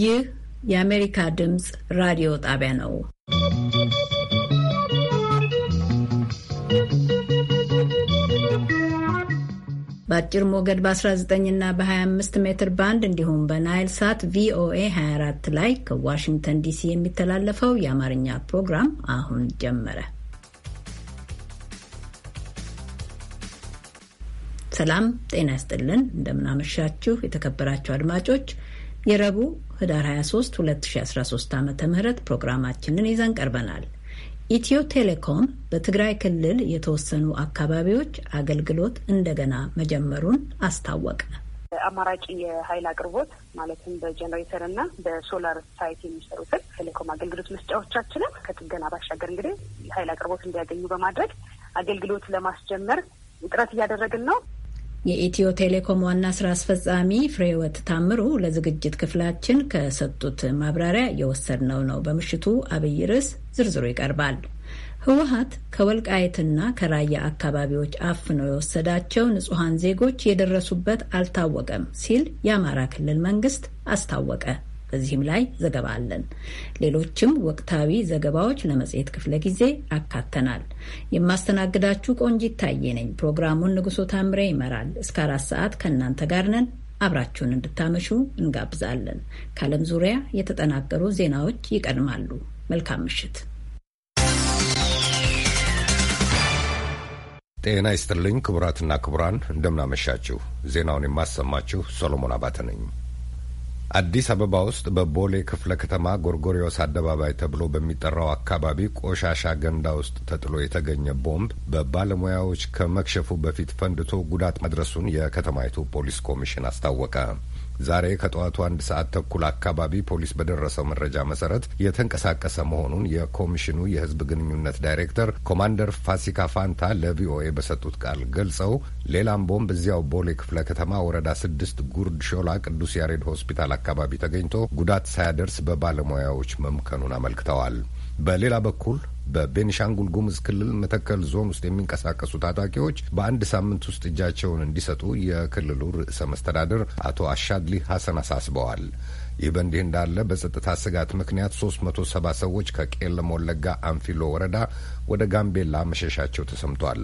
ይህ የአሜሪካ ድምፅ ራዲዮ ጣቢያ ነው። በአጭር ሞገድ በ19 እና በ25 ሜትር ባንድ እንዲሁም በናይል ሳት ቪኦኤ 24 ላይ ከዋሽንግተን ዲሲ የሚተላለፈው የአማርኛ ፕሮግራም አሁን ጀመረ። ሰላም ጤና ያስጥልን። እንደምናመሻችሁ የተከበራችሁ አድማጮች የረቡዕ ህዳር 23 2013 ዓ ም ፕሮግራማችንን ይዘን ቀርበናል። ኢትዮ ቴሌኮም በትግራይ ክልል የተወሰኑ አካባቢዎች አገልግሎት እንደገና መጀመሩን አስታወቀ። አማራጭ የኃይል አቅርቦት ማለትም በጀኔሬተር እና በሶላር ሳይት የሚሰሩትን ቴሌኮም አገልግሎት መስጫዎቻችንን ከጥገና ባሻገር እንግዲህ ኃይል አቅርቦት እንዲያገኙ በማድረግ አገልግሎት ለማስጀመር ጥረት እያደረግን ነው። የኢትዮ ቴሌኮም ዋና ስራ አስፈጻሚ ፍሬህይወት ታምሩ ለዝግጅት ክፍላችን ከሰጡት ማብራሪያ የወሰድነው ነው። በምሽቱ አብይ ርዕስ ዝርዝሩ ይቀርባል። ህወሀት ከወልቃየትና ከራያ አካባቢዎች አፍኖ የወሰዳቸው ንጹሐን ዜጎች የደረሱበት አልታወቀም ሲል የአማራ ክልል መንግስት አስታወቀ። በዚህም ላይ ዘገባ አለን። ሌሎችም ወቅታዊ ዘገባዎች ለመጽሔት ክፍለ ጊዜ አካተናል። የማስተናግዳችሁ ቆንጅ ይታየ ነኝ። ፕሮግራሙን ንጉሶ ታምሬ ይመራል። እስከ አራት ሰዓት ከእናንተ ጋር ነን። አብራችሁን እንድታመሹ እንጋብዛለን። ከዓለም ዙሪያ የተጠናቀሩ ዜናዎች ይቀድማሉ። መልካም ምሽት። ጤና ይስጥልኝ ክቡራትና ክቡራን፣ እንደምናመሻችሁ። ዜናውን የማሰማችሁ ሶሎሞን አባተ ነኝ። አዲስ አበባ ውስጥ በቦሌ ክፍለ ከተማ ጎርጎሪዮስ አደባባይ ተብሎ በሚጠራው አካባቢ ቆሻሻ ገንዳ ውስጥ ተጥሎ የተገኘ ቦምብ በባለሙያዎች ከመክሸፉ በፊት ፈንድቶ ጉዳት መድረሱን የከተማይቱ ፖሊስ ኮሚሽን አስታወቀ። ዛሬ ከጠዋቱ አንድ ሰዓት ተኩል አካባቢ ፖሊስ በደረሰው መረጃ መሰረት የተንቀሳቀሰ መሆኑን የኮሚሽኑ የህዝብ ግንኙነት ዳይሬክተር ኮማንደር ፋሲካ ፋንታ ለቪኦኤ በሰጡት ቃል ገልጸው ሌላም ቦምብ እዚያው ቦሌ ክፍለ ከተማ ወረዳ ስድስት ጉርድ ሾላ ቅዱስ ያሬድ ሆስፒታል አካባቢ ተገኝቶ ጉዳት ሳያደርስ በባለሙያዎች መምከኑን አመልክተዋል። በሌላ በኩል በቤኒሻንጉል ጉሙዝ ክልል መተከል ዞን ውስጥ የሚንቀሳቀሱ ታጣቂዎች በአንድ ሳምንት ውስጥ እጃቸውን እንዲሰጡ የክልሉ ርዕሰ መስተዳደር አቶ አሻድሊ ሐሰን አሳስበዋል። ይህ በእንዲህ እንዳለ በጸጥታ ስጋት ምክንያት ሶስት መቶ ሰባ ሰዎች ከቄለም ወለጋ አንፊሎ ወረዳ ወደ ጋምቤላ መሸሻቸው ተሰምቷል።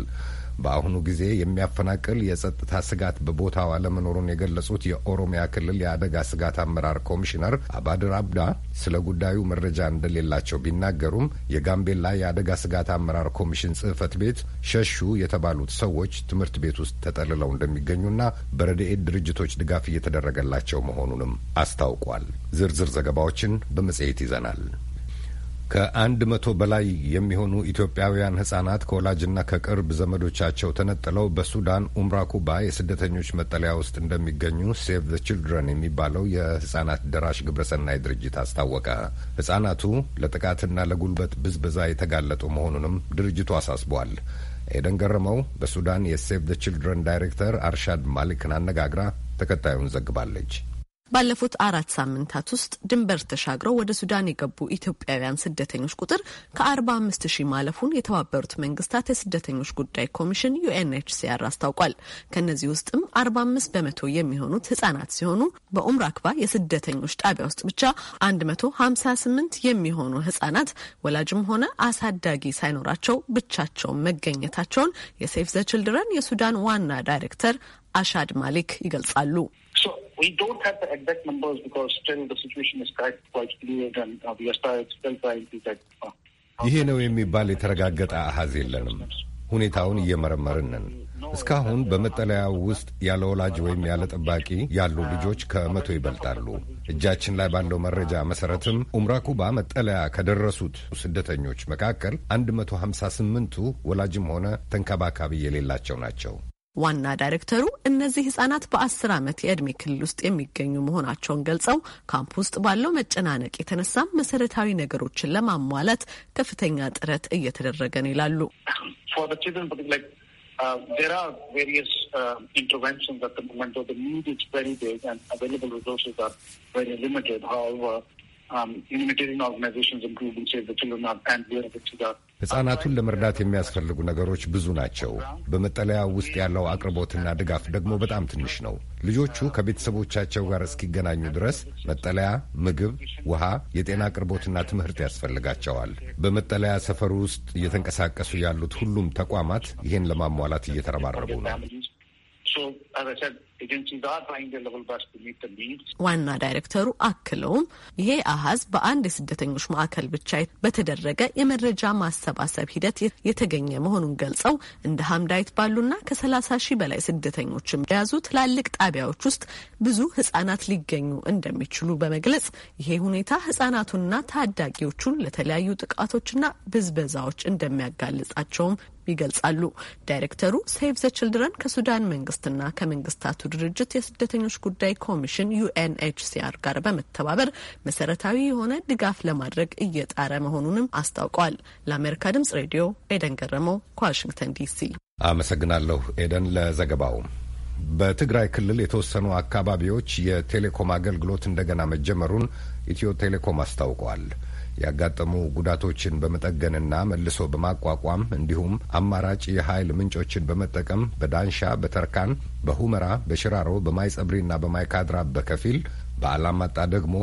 በአሁኑ ጊዜ የሚያፈናቅል የጸጥታ ስጋት በቦታው አለመኖሩን የገለጹት የኦሮሚያ ክልል የአደጋ ስጋት አመራር ኮሚሽነር አባድር አብዳ ስለ ጉዳዩ መረጃ እንደሌላቸው ቢናገሩም የጋምቤላ የአደጋ ስጋት አመራር ኮሚሽን ጽህፈት ቤት ሸሹ የተባሉት ሰዎች ትምህርት ቤት ውስጥ ተጠልለው እንደሚገኙና በረድኤት ድርጅቶች ድጋፍ እየተደረገላቸው መሆኑንም አስታውቋል። ዝርዝር ዘገባዎችን በመጽሔት ይዘናል። ከአንድ መቶ በላይ የሚሆኑ ኢትዮጵያውያን ህጻናት ከወላጅና ከቅርብ ዘመዶቻቸው ተነጥለው በሱዳን ኡምራ ኩባ የስደተኞች መጠለያ ውስጥ እንደሚገኙ ሴቭ ዘ ችልድረን የሚባለው የህጻናት ደራሽ ግብረሰናይ ድርጅት አስታወቀ። ህጻናቱ ለጥቃትና ለጉልበት ብዝበዛ የተጋለጡ መሆኑንም ድርጅቱ አሳስቧል። ኤደን ገረመው በሱዳን የሴቭ ዘ ችልድረን ዳይሬክተር አርሻድ ማሊክን አነጋግራ ተከታዩን ዘግባለች። ባለፉት አራት ሳምንታት ውስጥ ድንበር ተሻግረው ወደ ሱዳን የገቡ ኢትዮጵያውያን ስደተኞች ቁጥር ከ45 ሺህ ማለፉን የተባበሩት መንግስታት የስደተኞች ጉዳይ ኮሚሽን ዩኤንኤችሲአር አስታውቋል። ከእነዚህ ውስጥም 45 በመቶ የሚሆኑት ህጻናት ሲሆኑ በኡምር አክባ የስደተኞች ጣቢያ ውስጥ ብቻ 158 የሚሆኑ ህጻናት ወላጅም ሆነ አሳዳጊ ሳይኖራቸው ብቻቸውን መገኘታቸውን የሴፍ ዘ ችልድረን የሱዳን ዋና ዳይሬክተር አሻድ ማሊክ ይገልጻሉ። We don't have the exact numbers because still the situation is quite, quite fluid and uh, we are still still trying to get. Uh, uh ይሄ ነው የሚባል የተረጋገጠ አሃዝ የለንም። ሁኔታውን እየመረመርን ነን። እስካሁን በመጠለያው ውስጥ ያለ ወላጅ ወይም ያለ ጠባቂ ያሉ ልጆች ከመቶ ይበልጣሉ። እጃችን ላይ ባለው መረጃ መሰረትም ኡምራኩባ መጠለያ ከደረሱት ስደተኞች መካከል 158ቱ ወላጅም ሆነ ተንከባካቢ የሌላቸው ናቸው። ዋና ዳይሬክተሩ እነዚህ ህጻናት በአስር ዓመት የዕድሜ ክልል ውስጥ የሚገኙ መሆናቸውን ገልጸው ካምፕ ውስጥ ባለው መጨናነቅ የተነሳ መሰረታዊ ነገሮችን ለማሟላት ከፍተኛ ጥረት እየተደረገ ነው ይላሉ። ሕፃናቱን ለመርዳት የሚያስፈልጉ ነገሮች ብዙ ናቸው። በመጠለያ ውስጥ ያለው አቅርቦትና ድጋፍ ደግሞ በጣም ትንሽ ነው። ልጆቹ ከቤተሰቦቻቸው ጋር እስኪገናኙ ድረስ መጠለያ፣ ምግብ፣ ውሃ፣ የጤና አቅርቦትና ትምህርት ያስፈልጋቸዋል። በመጠለያ ሰፈር ውስጥ እየተንቀሳቀሱ ያሉት ሁሉም ተቋማት ይህን ለማሟላት እየተረባረቡ ነው። ዋና ዳይሬክተሩ አክለውም ይሄ አሀዝ በአንድ የስደተኞች ማዕከል ብቻ በተደረገ የመረጃ ማሰባሰብ ሂደት የተገኘ መሆኑን ገልጸው እንደ ሀምዳይት ባሉና ከሰላሳ ሺህ በላይ ስደተኞችም የያዙ ትላልቅ ጣቢያዎች ውስጥ ብዙ ህጻናት ሊገኙ እንደሚችሉ በመግለጽ ይሄ ሁኔታ ህጻናቱንና ታዳጊዎቹን ለተለያዩ ጥቃቶችና ብዝበዛዎች እንደሚያጋልጻቸውም ይገልጻሉ። ዳይሬክተሩ ሴቭ ዘ ችልድረን ከሱዳን መንግስትና ከመንግስታቱ ድርጅት የስደተኞች ጉዳይ ኮሚሽን ዩኤንኤችሲአር ጋር በመተባበር መሰረታዊ የሆነ ድጋፍ ለማድረግ እየጣረ መሆኑንም አስታውቀዋል። ለአሜሪካ ድምጽ ሬዲዮ ኤደን ገረመው ከዋሽንግተን ዲሲ አመሰግናለሁ። ኤደን ለዘገባው። በትግራይ ክልል የተወሰኑ አካባቢዎች የቴሌኮም አገልግሎት እንደገና መጀመሩን ኢትዮ ቴሌኮም አስታውቀዋል። ያጋጠሙ ጉዳቶችን በመጠገንና መልሶ በማቋቋም እንዲሁም አማራጭ የኃይል ምንጮችን በመጠቀም በዳንሻ፣ በተርካን፣ በሁመራ፣ በሽራሮ፣ በማይጸብሪና በማይካድራ በከፊል በአላማጣ ደግሞ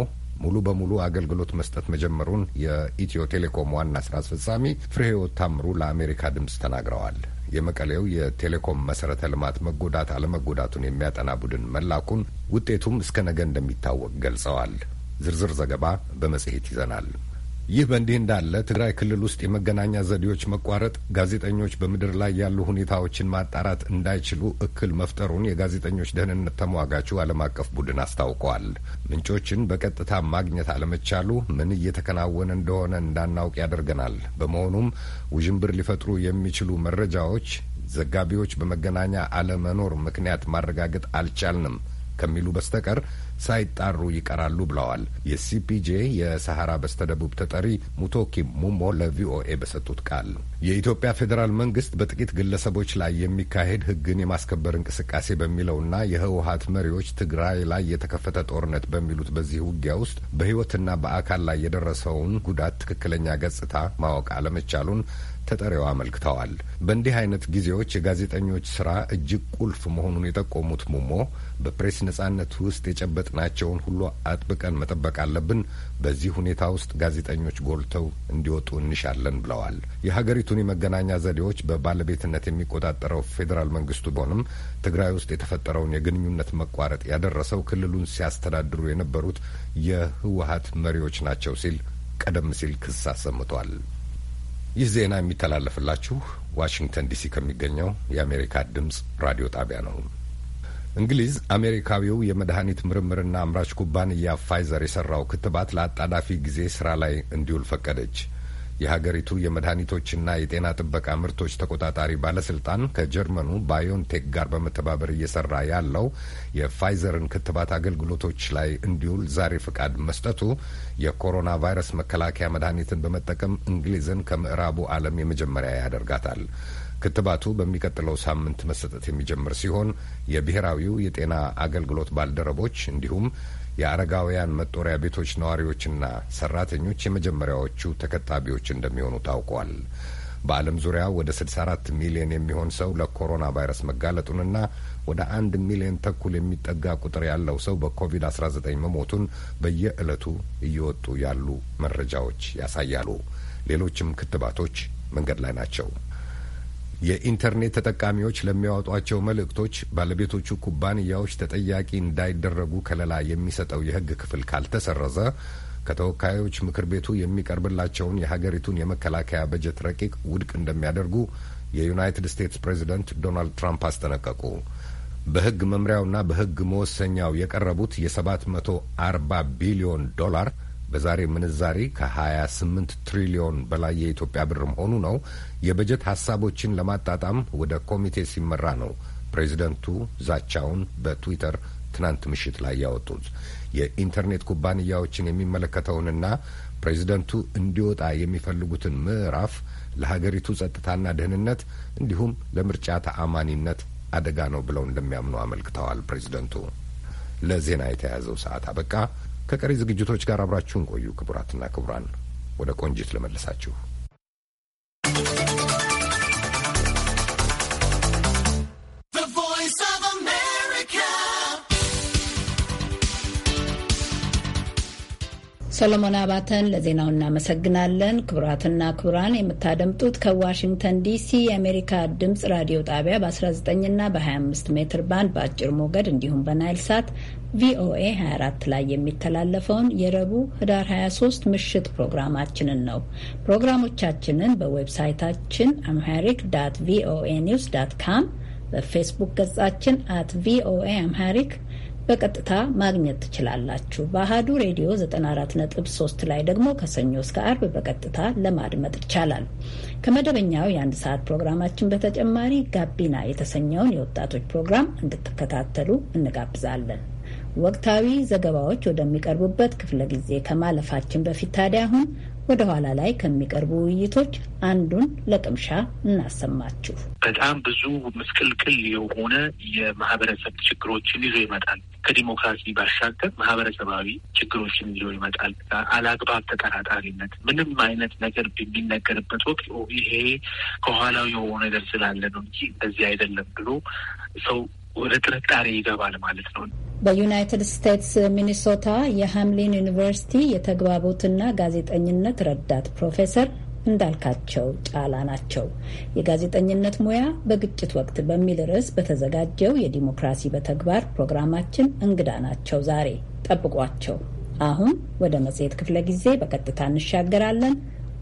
ሙሉ በሙሉ አገልግሎት መስጠት መጀመሩን የኢትዮ ቴሌኮም ዋና ስራ አስፈጻሚ ፍሬህይወት ታምሩ ለአሜሪካ ድምፅ ተናግረዋል። የመቀሌው የቴሌኮም መሰረተ ልማት መጎዳት አለመጎዳቱን የሚያጠና ቡድን መላኩን ውጤቱም እስከ ነገ እንደሚታወቅ ገልጸዋል። ዝርዝር ዘገባ በመጽሔት ይዘናል። ይህ በእንዲህ እንዳለ ትግራይ ክልል ውስጥ የመገናኛ ዘዴዎች መቋረጥ ጋዜጠኞች በምድር ላይ ያሉ ሁኔታዎችን ማጣራት እንዳይችሉ እክል መፍጠሩን የጋዜጠኞች ደህንነት ተሟጋቹ ዓለም አቀፍ ቡድን አስታውቀዋል። ምንጮችን በቀጥታ ማግኘት አለመቻሉ ምን እየተከናወነ እንደሆነ እንዳናውቅ ያደርገናል። በመሆኑም ውዥንብር ሊፈጥሩ የሚችሉ መረጃዎች ዘጋቢዎች በመገናኛ አለመኖር ምክንያት ማረጋገጥ አልቻልንም ከሚሉ በስተቀር ሳይጣሩ ይቀራሉ ብለዋል። የሲፒጄ የሰሐራ በስተደቡብ ተጠሪ ሙቶኪ ሙሞ ለቪኦኤ በሰጡት ቃል የኢትዮጵያ ፌዴራል መንግስት በጥቂት ግለሰቦች ላይ የሚካሄድ ህግን የማስከበር እንቅስቃሴ በሚለውና የህወሀት መሪዎች ትግራይ ላይ የተከፈተ ጦርነት በሚሉት በዚህ ውጊያ ውስጥ በህይወትና በአካል ላይ የደረሰውን ጉዳት ትክክለኛ ገጽታ ማወቅ አለመቻሉን ተጠሪው አመልክተዋል። በእንዲህ አይነት ጊዜዎች የጋዜጠኞች ስራ እጅግ ቁልፍ መሆኑን የጠቆሙት ሙሞ በፕሬስ ነጻነት ውስጥ የጨበጥናቸውን ሁሉ አጥብቀን መጠበቅ አለብን። በዚህ ሁኔታ ውስጥ ጋዜጠኞች ጎልተው እንዲወጡ እንሻለን ብለዋል። የሀገሪቱን የመገናኛ ዘዴዎች በባለቤትነት የሚቆጣጠረው ፌዴራል መንግስቱ ቢሆንም ትግራይ ውስጥ የተፈጠረውን የግንኙነት መቋረጥ ያደረሰው ክልሉን ሲያስተዳድሩ የነበሩት የህወሀት መሪዎች ናቸው ሲል ቀደም ሲል ክስ አሰምቷል። ይህ ዜና የሚተላለፍላችሁ ዋሽንግተን ዲሲ ከሚገኘው የአሜሪካ ድምፅ ራዲዮ ጣቢያ ነው። እንግሊዝ አሜሪካዊው የመድኃኒት ምርምርና አምራች ኩባንያ ፋይዘር የሰራው ክትባት ለአጣዳፊ ጊዜ ስራ ላይ እንዲውል ፈቀደች። የሀገሪቱ የመድኃኒቶችና የጤና ጥበቃ ምርቶች ተቆጣጣሪ ባለስልጣን ከጀርመኑ ባዮንቴክ ጋር በመተባበር እየሰራ ያለው የፋይዘርን ክትባት አገልግሎቶች ላይ እንዲውል ዛሬ ፍቃድ መስጠቱ የኮሮና ቫይረስ መከላከያ መድኃኒትን በመጠቀም እንግሊዝን ከምዕራቡ ዓለም የመጀመሪያ ያደርጋታል። ክትባቱ በሚቀጥለው ሳምንት መሰጠት የሚጀምር ሲሆን የብሔራዊው የጤና አገልግሎት ባልደረቦች እንዲሁም የአረጋውያን መጦሪያ ቤቶች ነዋሪዎችና ሰራተኞች የመጀመሪያዎቹ ተከታቢዎች እንደሚሆኑ ታውቋል። በዓለም ዙሪያ ወደ 64 ሚሊዮን የሚሆን ሰው ለኮሮና ቫይረስ መጋለጡንና ወደ አንድ ሚሊዮን ተኩል የሚጠጋ ቁጥር ያለው ሰው በኮቪድ-19 መሞቱን በየዕለቱ እየወጡ ያሉ መረጃዎች ያሳያሉ። ሌሎችም ክትባቶች መንገድ ላይ ናቸው። የኢንተርኔት ተጠቃሚዎች ለሚያወጧቸው መልእክቶች ባለቤቶቹ ኩባንያዎች ተጠያቂ እንዳይደረጉ ከለላ የሚሰጠው የሕግ ክፍል ካልተሰረዘ ከተወካዮች ምክር ቤቱ የሚቀርብላቸውን የሀገሪቱን የመከላከያ በጀት ረቂቅ ውድቅ እንደሚያደርጉ የዩናይትድ ስቴትስ ፕሬዚደንት ዶናልድ ትራምፕ አስጠነቀቁ። በሕግ መምሪያውና በሕግ መወሰኛው የቀረቡት የ740 ቢሊዮን ዶላር በዛሬ ምንዛሪ ከ28 ትሪሊዮን በላይ የኢትዮጵያ ብር መሆኑ ነው። የበጀት ሀሳቦችን ለማጣጣም ወደ ኮሚቴ ሲመራ ነው ፕሬዚደንቱ ዛቻውን በትዊተር ትናንት ምሽት ላይ ያወጡት። የኢንተርኔት ኩባንያዎችን የሚመለከተውንና ፕሬዚደንቱ እንዲወጣ የሚፈልጉትን ምዕራፍ ለሀገሪቱ ጸጥታና ደህንነት እንዲሁም ለምርጫ ተአማኒነት አደጋ ነው ብለው እንደሚያምኑ አመልክተዋል። ፕሬዚደንቱ ለዜና የተያዘው ሰዓት አበቃ። ከቀሪ ዝግጅቶች ጋር አብራችሁን ቆዩ። ክቡራትና ክቡራን፣ ወደ ቆንጂት ልመልሳችሁ። ሰሎሞን አባተን ለዜናው እናመሰግናለን። ክቡራትና ክቡራን የምታደምጡት ከዋሽንግተን ዲሲ የአሜሪካ ድምፅ ራዲዮ ጣቢያ በ19ና በ25 ሜትር ባንድ በአጭር ሞገድ እንዲሁም በናይል ሳት ቪኦኤ 24 ላይ የሚተላለፈውን የረቡዕ ህዳር 23 ምሽት ፕሮግራማችንን ነው። ፕሮግራሞቻችንን በዌብሳይታችን አምሃሪክ ዳት ቪኦኤ ኒውስ ዳት ካም፣ በፌስቡክ ገጻችን አት ቪኦኤ አምሃሪክ በቀጥታ ማግኘት ትችላላችሁ። በአህዱ ሬዲዮ 94.3 ላይ ደግሞ ከሰኞ እስከ አርብ በቀጥታ ለማድመጥ ይቻላል። ከመደበኛው የአንድ ሰዓት ፕሮግራማችን በተጨማሪ ጋቢና የተሰኘውን የወጣቶች ፕሮግራም እንድትከታተሉ እንጋብዛለን። ወቅታዊ ዘገባዎች ወደሚቀርቡበት ክፍለ ጊዜ ከማለፋችን በፊት ታዲያ አሁን ወደ ኋላ ላይ ከሚቀርቡ ውይይቶች አንዱን ለቅምሻ እናሰማችሁ። በጣም ብዙ ምስቅልቅል የሆነ የማህበረሰብ ችግሮችን ይዞ ይመጣል። ከዲሞክራሲ ባሻገር ማህበረሰባዊ ችግሮችን ይዞ ይመጣል። አላግባብ ተጠራጣሪነት፣ ምንም አይነት ነገር በሚነገርበት ወቅት ይሄ ከኋላው የሆነ ነገር ስላለ ነው እንጂ እንደዚህ አይደለም ብሎ ሰው ወደ ጥርጣሬ ይገባል ማለት ነው። በዩናይትድ ስቴትስ ሚኒሶታ የሃምሊን ዩኒቨርሲቲ የተግባቦትና ጋዜጠኝነት ረዳት ፕሮፌሰር እንዳልካቸው ጫላ ናቸው። የጋዜጠኝነት ሙያ በግጭት ወቅት በሚል ርዕስ በተዘጋጀው የዲሞክራሲ በተግባር ፕሮግራማችን እንግዳ ናቸው። ዛሬ ጠብቋቸው። አሁን ወደ መጽሔት ክፍለ ጊዜ በቀጥታ እንሻገራለን።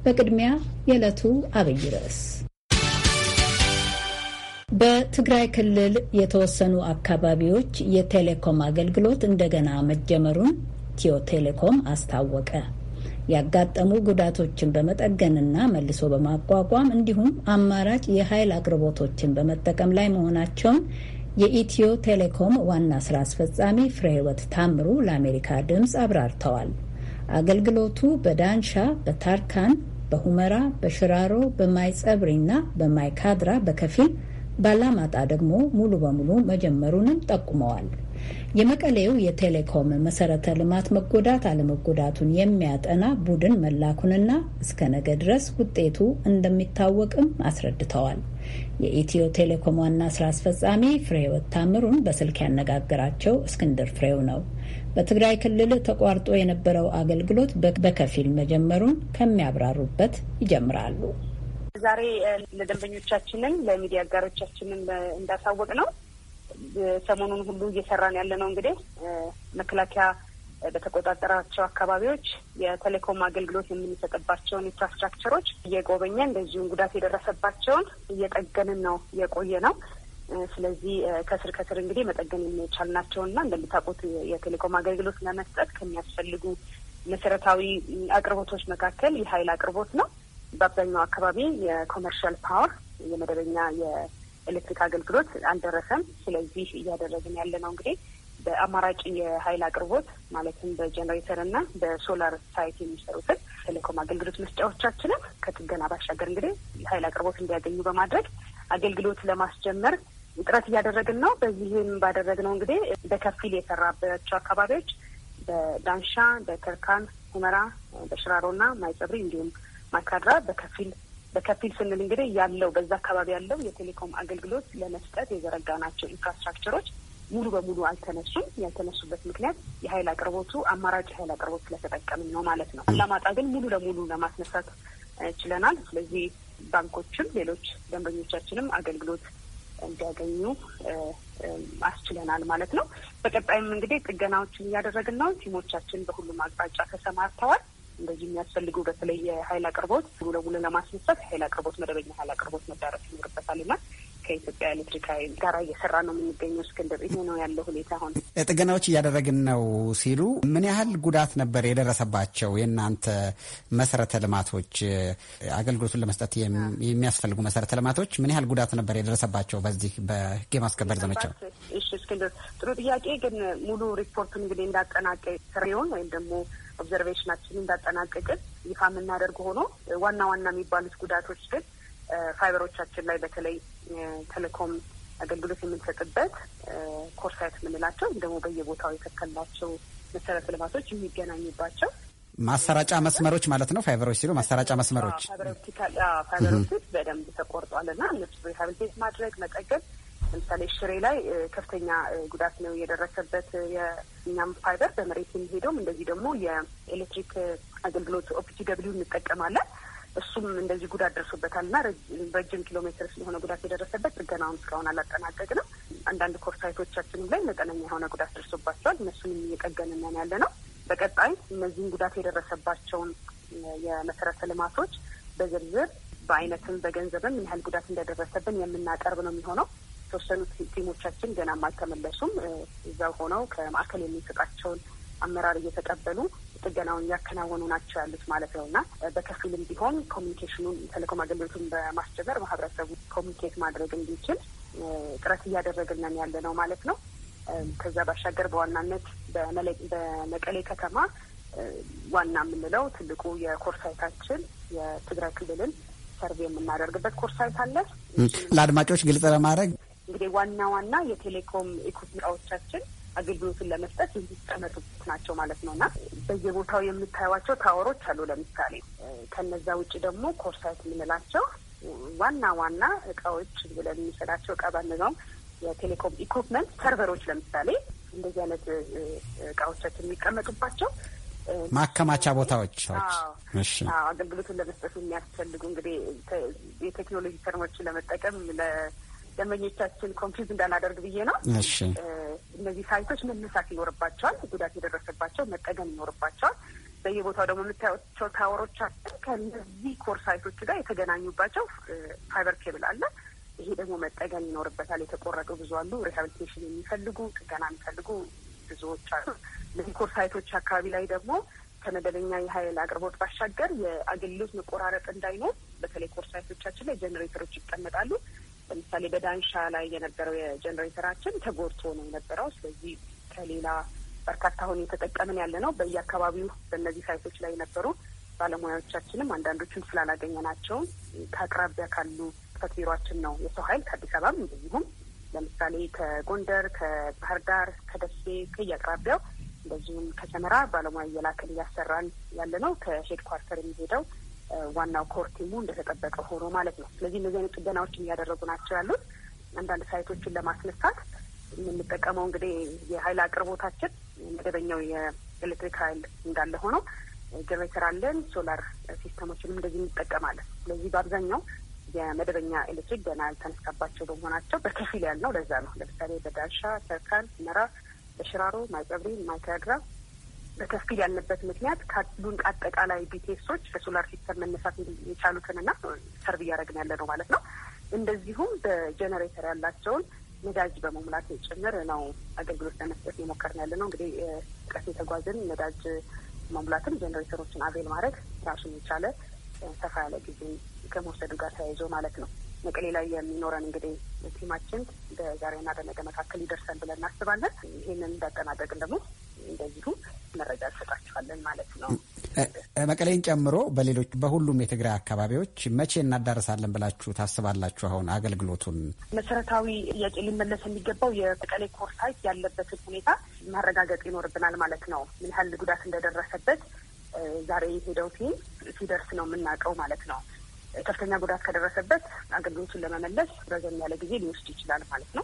በቅድሚያ የዕለቱ አብይ ርዕስ በትግራይ ክልል የተወሰኑ አካባቢዎች የቴሌኮም አገልግሎት እንደገና መጀመሩን ኢትዮ ቴሌኮም አስታወቀ። ያጋጠሙ ጉዳቶችን በመጠገንና መልሶ በማቋቋም እንዲሁም አማራጭ የኃይል አቅርቦቶችን በመጠቀም ላይ መሆናቸውን የኢትዮ ቴሌኮም ዋና ስራ አስፈጻሚ ፍሬህይወት ታምሩ ለአሜሪካ ድምፅ አብራርተዋል። አገልግሎቱ በዳንሻ፣ በታርካን፣ በሁመራ፣ በሽራሮ፣ በማይጸብሪና በማይካድራ በከፊል ባላማጣ ደግሞ ሙሉ በሙሉ መጀመሩንም ጠቁመዋል። የመቀሌው የቴሌኮም መሰረተ ልማት መጎዳት አለመጎዳቱን የሚያጠና ቡድን መላኩንና እስከ ነገ ድረስ ውጤቱ እንደሚታወቅም አስረድተዋል። የኢትዮ ቴሌኮም ዋና ስራ አስፈጻሚ ፍሬህይወት ታምሩን በስልክ ያነጋገራቸው እስክንድር ፍሬው ነው። በትግራይ ክልል ተቋርጦ የነበረው አገልግሎት በከፊል መጀመሩን ከሚያብራሩበት ይጀምራሉ። ዛሬ ለደንበኞቻችንም ለሚዲያ አጋሮቻችንም እንዳሳወቅ ነው ሰሞኑን ሁሉ እየሰራን ያለ ነው እንግዲህ መከላከያ በተቆጣጠራቸው አካባቢዎች የቴሌኮም አገልግሎት የምንሰጥባቸውን ኢንፍራስትራክቸሮች እየጎበኘ እንደዚሁም ጉዳት የደረሰባቸውን እየጠገንን ነው የቆየ ነው። ስለዚህ ከስር ከስር እንግዲህ መጠገን የሚቻልናቸውና እንደምታውቁት የቴሌኮም አገልግሎት ለመስጠት ከሚያስፈልጉ መሰረታዊ አቅርቦቶች መካከል የኃይል አቅርቦት ነው። በአብዛኛው አካባቢ የኮመርሻል ፓወር የመደበኛ የኤሌክትሪክ አገልግሎት አልደረሰም። ስለዚህ እያደረግን ያለ ነው እንግዲህ በአማራጭ የሀይል አቅርቦት ማለትም በጀኔሬተር እና በሶላር ሳይት የሚሰሩትን ቴሌኮም አገልግሎት መስጫዎቻችንም ከጥገና ባሻገር እንግዲህ የሀይል አቅርቦት እንዲያገኙ በማድረግ አገልግሎት ለማስጀመር ጥረት እያደረግን ነው። በዚህም ባደረግነው እንግዲህ በከፊል የሰራባቸው አካባቢዎች በዳንሻ፣ በተርካን፣ ሁመራ፣ በሽራሮ እና ማይጸብሪ እንዲሁም ማካራ በከፊል በከፊል ስንል እንግዲህ ያለው በዛ አካባቢ ያለው የቴሌኮም አገልግሎት ለመስጠት የዘረጋ ናቸው ኢንፍራስትራክቸሮች ሙሉ በሙሉ አልተነሱም። ያልተነሱበት ምክንያት የሀይል አቅርቦቱ አማራጭ የሀይል አቅርቦት ስለተጠቀምን ነው ማለት ነው። አላማጣ ግን ሙሉ ለሙሉ ለማስነሳት ችለናል። ስለዚህ ባንኮችም ሌሎች ደንበኞቻችንም አገልግሎት እንዲያገኙ አስችለናል ማለት ነው። በቀጣይም እንግዲህ ጥገናዎችን እያደረግን ነው። ቲሞቻችን በሁሉም አቅጣጫ ተሰማርተዋል። እንደዚህ የሚያስፈልጉ በተለይ የሀይል አቅርቦት ሙሉ ለሙሉ ለማስነሳት ሀይል አቅርቦት መደበኛ ሀይል አቅርቦት መዳረስ ይኖርበታል እና ከኢትዮጵያ ኤሌክትሪክ ኃይል ጋር እየሰራ ነው የምንገኘው። እስክንድር፣ ይሄ ነው ያለው ሁኔታ። አሁን ጥገናዎች እያደረግን ነው ሲሉ ምን ያህል ጉዳት ነበር የደረሰባቸው የእናንተ መሰረተ ልማቶች? አገልግሎቱን ለመስጠት የሚያስፈልጉ መሰረተ ልማቶች ምን ያህል ጉዳት ነበር የደረሰባቸው በዚህ በህግ የማስከበር ዘመቻው? እሺ እስክንድር፣ ጥሩ ጥያቄ። ግን ሙሉ ሪፖርቱን እንግዲህ እንዳጠናቀ ስሬውን ወይም ደግሞ ኦብዘርቬሽናችንን እንዳጠናቀቅን ይፋ የምናደርግ ሆኖ ዋና ዋና የሚባሉት ጉዳቶች ግን ፋይበሮቻችን ላይ በተለይ ቴሌኮም አገልግሎት የምንሰጥበት ኮርሳይት የምንላቸው ደግሞ በየቦታው የተከላቸው መሰረተ ልማቶች የሚገናኙባቸው ማሰራጫ መስመሮች ማለት ነው። ፋይበሮች ሲሉ ማሰራጫ መስመሮች ፋይበሮች በደንብ ተቆርጧል እና እነሱ ሪሃብሊቴት ማድረግ መጠገብ ለምሳሌ ሽሬ ላይ ከፍተኛ ጉዳት ነው የደረሰበት። የእኛም ፋይበር በመሬት የሚሄደውም እንደዚህ ደግሞ የኤሌክትሪክ አገልግሎት ኦፒቲ ደብሊው እንጠቀማለን። እሱም እንደዚህ ጉዳት ደርሶበታል እና ረጅም ኪሎ ሜትር ስለሆነ ጉዳት የደረሰበት ጥገናውን እስካሁን አላጠናቀቅንም። አንዳንድ ኮርሳይቶቻችንም ላይ መጠነኛ የሆነ ጉዳት ደርሶባቸዋል። እነሱንም እየጠገንነን ያለ ነው። በቀጣይ እነዚህን ጉዳት የደረሰባቸውን የመሰረተ ልማቶች በዝርዝር በአይነትም በገንዘብም ምን ያህል ጉዳት እንደደረሰብን የምናቀርብ ነው የሚሆነው። የተወሰኑት ቲሞቻችን ገናም አልተመለሱም። እዛው ሆነው ከማዕከል የሚሰጣቸውን አመራር እየተቀበሉ ጥገናውን እያከናወኑ ናቸው ያሉት ማለት ነው። እና በከፊልም ቢሆን ኮሚኒኬሽኑን ቴሌኮም አገልግሎቱን በማስጀመር ማህበረሰቡ ኮሚኒኬት ማድረግ እንዲችል ጥረት እያደረግልን ያለ ነው ማለት ነው። ከዛ ባሻገር በዋናነት በመቀሌ ከተማ ዋና የምንለው ትልቁ የኮርሳይታችን የትግራይ ክልልን ሰርቬ የምናደርግበት ኮርሳይት አለ። ለአድማጮች ግልጽ ለማድረግ እንግዲህ ዋና ዋና የቴሌኮም ኢኮስሚራዎቻችን አገልግሎቱን ለመስጠት የሚቀመጡበት ናቸው ማለት ነው እና በየቦታው የምታዩቸው ታወሮች አሉ። ለምሳሌ ከነዛ ውጭ ደግሞ ኮርሳይት የምንላቸው ዋና ዋና እቃዎች ብለን የሚሰጣቸው እቃ ባንዛውም የቴሌኮም ኢኩፕመንት ሰርቨሮች፣ ለምሳሌ እንደዚህ አይነት እቃዎቻችን የሚቀመጡባቸው ማከማቻ ቦታዎች አገልግሎቱን ለመስጠት የሚያስፈልጉ እንግዲህ የቴክኖሎጂ ተርሞችን ለመጠቀም ደንበኞቻችን ኮንፊውዝ እንዳናደርግ ብዬ ነው። እነዚህ ሳይቶች መነሳት ይኖርባቸዋል። ጉዳት የደረሰባቸው መጠገን ይኖርባቸዋል። በየቦታው ደግሞ የምታያቸው ታወሮቻችን ከነዚህ ኮር ሳይቶች ጋር የተገናኙባቸው ፋይበር ኬብል አለ። ይሄ ደግሞ መጠገን ይኖርበታል። የተቆረጡ ብዙ አሉ። ሪሃብሊቴሽን የሚፈልጉ ጥገና የሚፈልጉ ብዙዎች አሉ። እነዚህ ኮር ሳይቶች አካባቢ ላይ ደግሞ ከመደበኛ የሀይል አቅርቦት ባሻገር የአገልግሎት መቆራረጥ እንዳይኖር በተለይ ኮር ሳይቶቻችን ላይ ጀኔሬተሮች ይቀመጣሉ። ለምሳሌ በዳንሻ ላይ የነበረው የጀኔሬተራችን ተጎድቶ ነው የነበረው። ስለዚህ ከሌላ በርካታ አሁን እየተጠቀምን ያለ ነው። በየአካባቢው በእነዚህ ሳይቶች ላይ የነበሩ ባለሙያዎቻችንም አንዳንዶቹን ናቸው ከአቅራቢያ ካሉ ጽሕፈት ቢሮችን ነው የሰው ኃይል ከአዲስ አበባም እንደዚሁም ለምሳሌ ከጎንደር፣ ከባህር ዳር፣ ከደሴ ከየአቅራቢያው እንደዚሁም ከሰመራ ባለሙያ እየላክን እያሰራን ያለ ነው። ከሄድኳርተር የሚሄደው ዋናው ኮር ቲሙ እንደተጠበቀ ሆኖ ማለት ነው። ስለዚህ እነዚህ አይነት ጥገናዎችን እያደረጉ ናቸው ያሉት። አንዳንድ ሳይቶችን ለማስነሳት የምንጠቀመው እንግዲህ የሀይል አቅርቦታችን መደበኛው የኤሌክትሪክ ሀይል እንዳለ ሆኖ ጀነሬተር አለን፣ ሶላር ሲስተሞችንም እንደዚህ እንጠቀማለን። ስለዚህ በአብዛኛው የመደበኛ ኤሌክትሪክ ገና ያልተነሳባቸው በመሆናቸው በከፊል ያልነው ለዛ ነው። ለምሳሌ በዳሻ፣ ተርካን፣ መራ፣ በሽራሮ፣ ማይጸብሪ፣ ማይካድራ በከፊል ያለበት ምክንያት ካሉን አጠቃላይ ቢቴሶች በሶላር ሲስተም መነሳት የቻሉትንና ሰርቭ እያደረግን ያለ ነው ማለት ነው። እንደዚሁም በጀነሬተር ያላቸውን ነዳጅ በመሙላት ጭምር ነው አገልግሎት ለመስጠት የሞከርን ያለ ነው። እንግዲህ ቀስ የተጓዝን ነዳጅ መሙላትም ጀነሬተሮችን አቬል ማድረግ ራሱን የቻለ ሰፋ ያለ ጊዜ ከመውሰዱ ጋር ተያይዞ ማለት ነው። መቀሌ ላይ የሚኖረን እንግዲህ ቲማችን በዛሬና በነገ መካከል ይደርሰን ብለን እናስባለን። ይህንን እንዳጠናቀቅን ደግሞ እንደዚሁ መረጃ እንሰጣችኋለን ማለት ነው። መቀሌን ጨምሮ በሌሎች በሁሉም የትግራይ አካባቢዎች መቼ እናዳረሳለን ብላችሁ ታስባላችሁ? አሁን አገልግሎቱን መሰረታዊ ጥያቄ ሊመለስ የሚገባው የመቀሌ ኮር ሳይት ያለበትን ሁኔታ ማረጋገጥ ይኖርብናል ማለት ነው። ምን ያህል ጉዳት እንደደረሰበት ዛሬ የሄደው ቲም ሲደርስ ነው የምናውቀው ማለት ነው። ከፍተኛ ጉዳት ከደረሰበት አገልግሎቱን ለመመለስ ረዘም ያለ ጊዜ ሊወስድ ይችላል ማለት ነው።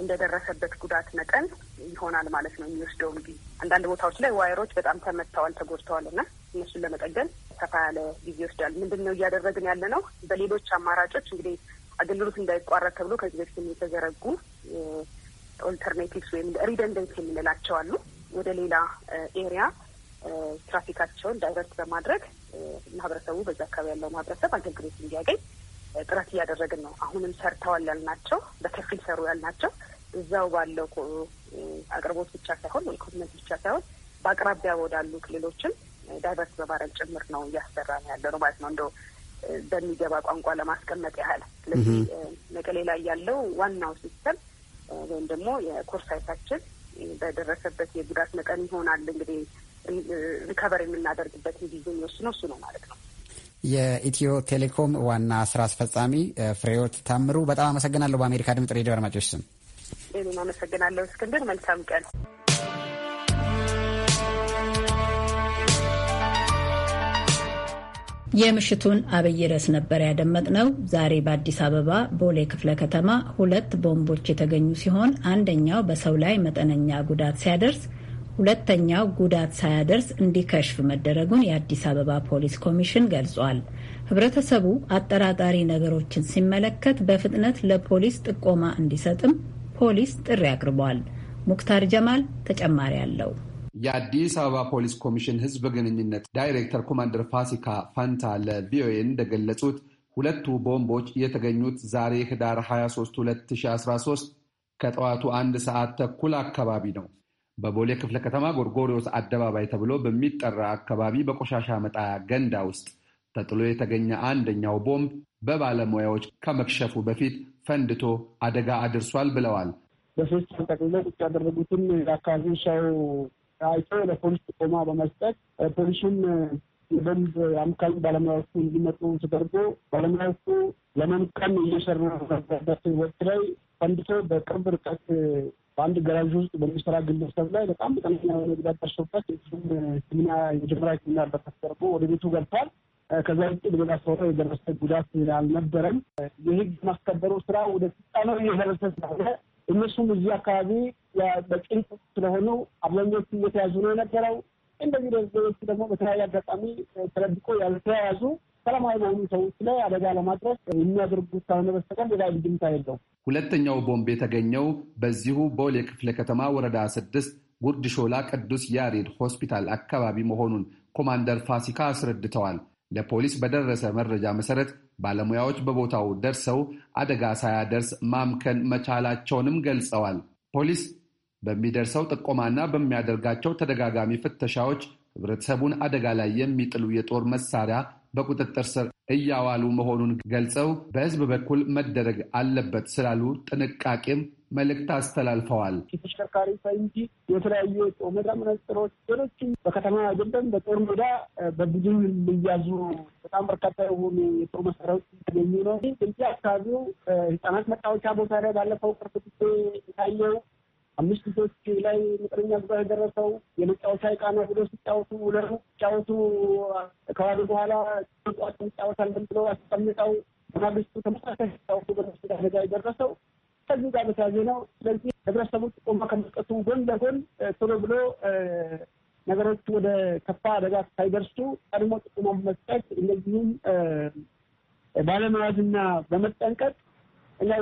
እንደደረሰበት ጉዳት መጠን ይሆናል ማለት ነው የሚወስደው። እንግዲህ አንዳንድ ቦታዎች ላይ ዋይሮች በጣም ተመትተዋል፣ ተጎድተዋል እና እነሱን ለመጠገን ሰፋ ያለ ጊዜ ይወስዳል። ምንድን ነው እያደረግን ያለ ነው? በሌሎች አማራጮች እንግዲህ አገልግሎት እንዳይቋረጥ ተብሎ ከዚህ በፊት የተዘረጉ ኦልተርኔቲቭስ ወይም ሪደንደንት የምንላቸው አሉ። ወደ ሌላ ኤሪያ ትራፊካቸውን ዳይቨርት በማድረግ ማህበረሰቡ በዛ አካባቢ ያለው ማህበረሰብ አገልግሎት እንዲያገኝ ጥረት እያደረግን ነው። አሁንም ሰርተዋል ያልናቸው በከፊል ሰሩ ያልናቸው እዛው ባለው አቅርቦት ብቻ ሳይሆን ወይ ኮሚትመንት ብቻ ሳይሆን በአቅራቢያ ወዳሉ ክልሎችም ዳይቨርስ በማድረግ ጭምር ነው እያሰራ ነው ያለ ነው ማለት ነው እንደው በሚገባ ቋንቋ ለማስቀመጥ ያህል። ስለዚህ መቀሌ ላይ ያለው ዋናው ሲስተም ወይም ደግሞ የኮርስ ሳይታችን በደረሰበት የጉዳት መጠን ይሆናል እንግዲህ ሪከቨር የምናደርግበት ጊዜ የሚወስነው እሱ ነው ማለት ነው። የኢትዮ ቴሌኮም ዋና ስራ አስፈጻሚ ፍሬዎት ታምሩ፣ በጣም አመሰግናለሁ። በአሜሪካ ድምጽ ሬዲዮ አድማጮች ስም እኔም አመሰግናለሁ እስክንድር። መልካም ቀን። የምሽቱን አብይ ርዕስ ነበር ያደመጥነው። ዛሬ በአዲስ አበባ ቦሌ ክፍለ ከተማ ሁለት ቦምቦች የተገኙ ሲሆን አንደኛው በሰው ላይ መጠነኛ ጉዳት ሲያደርስ ሁለተኛው ጉዳት ሳያደርስ እንዲከሽፍ መደረጉን የአዲስ አበባ ፖሊስ ኮሚሽን ገልጿል። ህብረተሰቡ አጠራጣሪ ነገሮችን ሲመለከት በፍጥነት ለፖሊስ ጥቆማ እንዲሰጥም ፖሊስ ጥሪ አቅርቧል። ሙክታር ጀማል ተጨማሪ አለው። የአዲስ አበባ ፖሊስ ኮሚሽን ህዝብ ግንኙነት ዳይሬክተር ኮማንደር ፋሲካ ፋንታ ለቪኦኤ እንደገለጹት ሁለቱ ቦምቦች የተገኙት ዛሬ ህዳር 23 2013 ከጠዋቱ አንድ ሰዓት ተኩል አካባቢ ነው። በቦሌ ክፍለ ከተማ ጎርጎሪዎስ አደባባይ ተብሎ በሚጠራ አካባቢ በቆሻሻ መጣያ ገንዳ ውስጥ ተጥሎ የተገኘ አንደኛው ቦምብ በባለሙያዎች ከመክሸፉ በፊት ፈንድቶ አደጋ አድርሷል ብለዋል። በሶስት ጠቅልሎ ቁጭ ያደረጉትን የአካባቢው ሰው አይቶ ለፖሊስ ጥቆማ በመስጠት ፖሊሱም የቦምብ አምካኝ ባለሙያዎቹ እንዲመጡ ተደርጎ ባለሙያዎቹ ለመምከን እየሰሩ በነበረበት ወቅት ላይ ፈንድቶ በቅርብ ርቀት በአንድ ገራዥ ውስጥ በሚሰራ ግለሰብ ላይ በጣም በጠነኛ የሆነ ጉዳት ደርሶበት እሱም ሕክምና የመጀመሪያ ሕክምና እርዳታ ተደርጎ ወደ ቤቱ ገብቷል። ከዛ ውጭ ሌላ ሰው የደረሰ ጉዳት አልነበረም። የህግ ማስከበሩ ስራ ወደ ፍጻሜው እየደረሰ ስለሆነ እነሱም እዚህ አካባቢ በጭንቅ ስለሆኑ አብዛኞቹ እየተያዙ ነው የነበረው። እንደዚህ ደዘቦቹ ደግሞ በተለያየ አጋጣሚ ተለብቆ ያልተያያዙ ሰላማዊ በሆኑ ሰዎች ላይ አደጋ ለማድረስ የሚያደርጉት ካልሆነ በስተቀር ሌላ ግድምታ የለውም። ሁለተኛው ቦምብ የተገኘው በዚሁ ቦሌ ክፍለ ከተማ ወረዳ ስድስት ጉርድ ሾላ ቅዱስ ያሬድ ሆስፒታል አካባቢ መሆኑን ኮማንደር ፋሲካ አስረድተዋል። ለፖሊስ በደረሰ መረጃ መሰረት ባለሙያዎች በቦታው ደርሰው አደጋ ሳያደርስ ማምከን መቻላቸውንም ገልጸዋል። ፖሊስ በሚደርሰው ጥቆማና በሚያደርጋቸው ተደጋጋሚ ፍተሻዎች ህብረተሰቡን አደጋ ላይ የሚጥሉ የጦር መሳሪያ በቁጥጥር ስር እያዋሉ መሆኑን ገልጸው በህዝብ በኩል መደረግ አለበት ስላሉ ጥንቃቄም መልእክት አስተላልፈዋል። የተሽከርካሪ ፈንጂ፣ የተለያዩ ጦመዳ መነጽሮች፣ ሌሎችም በከተማ አይደለም በጦር ሜዳ በቡድን ልያዙ በጣም በርካታ የሆኑ የጦር መሳሪያዎች የተገኙ ነው። እዚህ አካባቢው ህጻናት መጫወቻ ቦታ ላይ ባለፈው ቅርብ ጊዜ የታየው አምስት ልጆች ላይ መጠነኛ ጉዳት የደረሰው የመጫወቻ ዕቃ ነው ብሎ ሲጫወቱ ውለው ሲጫወቱ ከዋሉ በኋላ ጫወቱ ይጫወታለን ብሎ አስቀምጠው ማግስቱ ተመሳሳይ ሲጫወቱ በመስዳ አደጋ የደረሰው ከዚህ ጋር በተያዘ ነው። ስለዚህ ህብረተሰቡ ጥቆማ ከመስጠቱ ጎን ለጎን ቶሎ ብሎ ነገሮች ወደ ከፋ አደጋ ሳይደርሱ ቀድሞ ጥቆማ መስጠት እንደዚሁም ባለመያዝና በመጠንቀቅ እና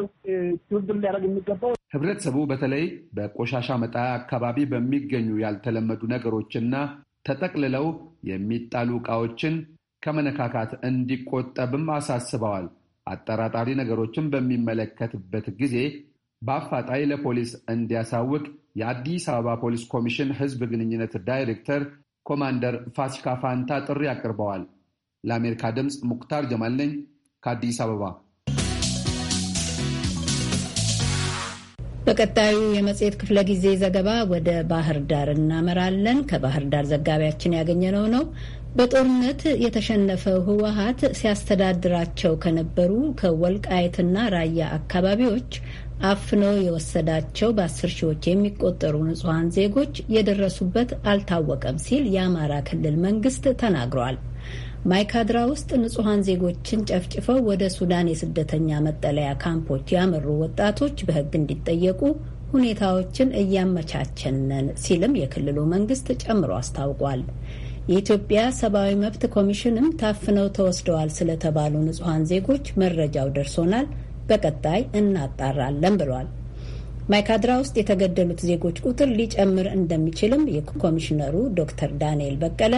ትብብር ሊያደርግ የሚገባው ህብረተሰቡ በተለይ በቆሻሻ መጣያ አካባቢ በሚገኙ ያልተለመዱ ነገሮችና ተጠቅልለው የሚጣሉ ዕቃዎችን ከመነካካት እንዲቆጠብም አሳስበዋል። አጠራጣሪ ነገሮችን በሚመለከትበት ጊዜ በአፋጣኝ ለፖሊስ እንዲያሳውቅ የአዲስ አበባ ፖሊስ ኮሚሽን ህዝብ ግንኙነት ዳይሬክተር ኮማንደር ፋሲካ ፋንታ ጥሪ አቅርበዋል። ለአሜሪካ ድምፅ ሙክታር ጀማል ነኝ ከአዲስ አበባ። በቀጣዩ የመጽሔት ክፍለ ጊዜ ዘገባ ወደ ባህር ዳር እናመራለን። ከባህር ዳር ዘጋቢያችን ያገኘነው ነው። በጦርነት የተሸነፈው ህወሀት ሲያስተዳድራቸው ከነበሩ ከወልቃየትና ራያ አካባቢዎች አፍኖ የወሰዳቸው በአስር ሺዎች የሚቆጠሩ ንጹሐን ዜጎች የደረሱበት አልታወቀም ሲል የአማራ ክልል መንግስት ተናግሯል። ማይካድራ ውስጥ ንጹሐን ዜጎችን ጨፍጭፈው ወደ ሱዳን የስደተኛ መጠለያ ካምፖች ያመሩ ወጣቶች በሕግ እንዲጠየቁ ሁኔታዎችን እያመቻቸንን ሲልም የክልሉ መንግስት ጨምሮ አስታውቋል። የኢትዮጵያ ሰብአዊ መብት ኮሚሽንም ታፍነው ተወስደዋል ስለተባሉ ንጹሐን ዜጎች መረጃው ደርሶናል፣ በቀጣይ እናጣራለን ብሏል። ማይካድራ ውስጥ የተገደሉት ዜጎች ቁጥር ሊጨምር እንደሚችልም የኮሚሽነሩ ዶክተር ዳንኤል በቀለ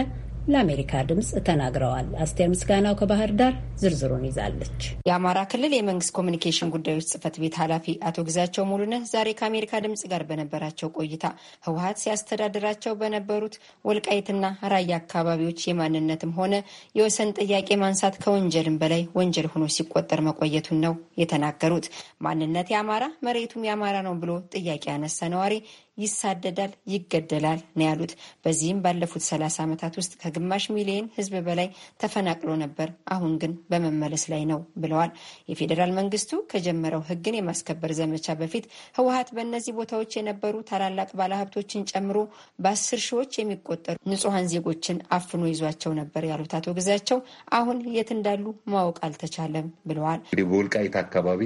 ለአሜሪካ ድምፅ ተናግረዋል። አስቴር ምስጋናው ከባህር ዳር ዝርዝሩን ይዛለች። የአማራ ክልል የመንግስት ኮሚኒኬሽን ጉዳዮች ጽህፈት ቤት ኃላፊ አቶ ግዛቸው ሙሉነህ ዛሬ ከአሜሪካ ድምፅ ጋር በነበራቸው ቆይታ ህወሀት ሲያስተዳድራቸው በነበሩት ወልቃይትና ራያ አካባቢዎች የማንነትም ሆነ የወሰን ጥያቄ ማንሳት ከወንጀልም በላይ ወንጀል ሆኖ ሲቆጠር መቆየቱን ነው የተናገሩት። ማንነት የአማራ መሬቱም የአማራ ነው ብሎ ጥያቄ ያነሳ ነዋሪ ይሳደዳል፣ ይገደላል ነው ያሉት። በዚህም ባለፉት 30 ዓመታት ውስጥ ከግማሽ ሚሊዮን ህዝብ በላይ ተፈናቅሎ ነበር። አሁን ግን በመመለስ ላይ ነው ብለዋል። የፌዴራል መንግስቱ ከጀመረው ህግን የማስከበር ዘመቻ በፊት ህወሀት በእነዚህ ቦታዎች የነበሩ ታላላቅ ባለሀብቶችን ጨምሮ በአስር ሺዎች የሚቆጠሩ ንጹሐን ዜጎችን አፍኖ ይዟቸው ነበር ያሉት አቶ ግዛቸው አሁን የት እንዳሉ ማወቅ አልተቻለም ብለዋል። ወልቃይት አካባቢ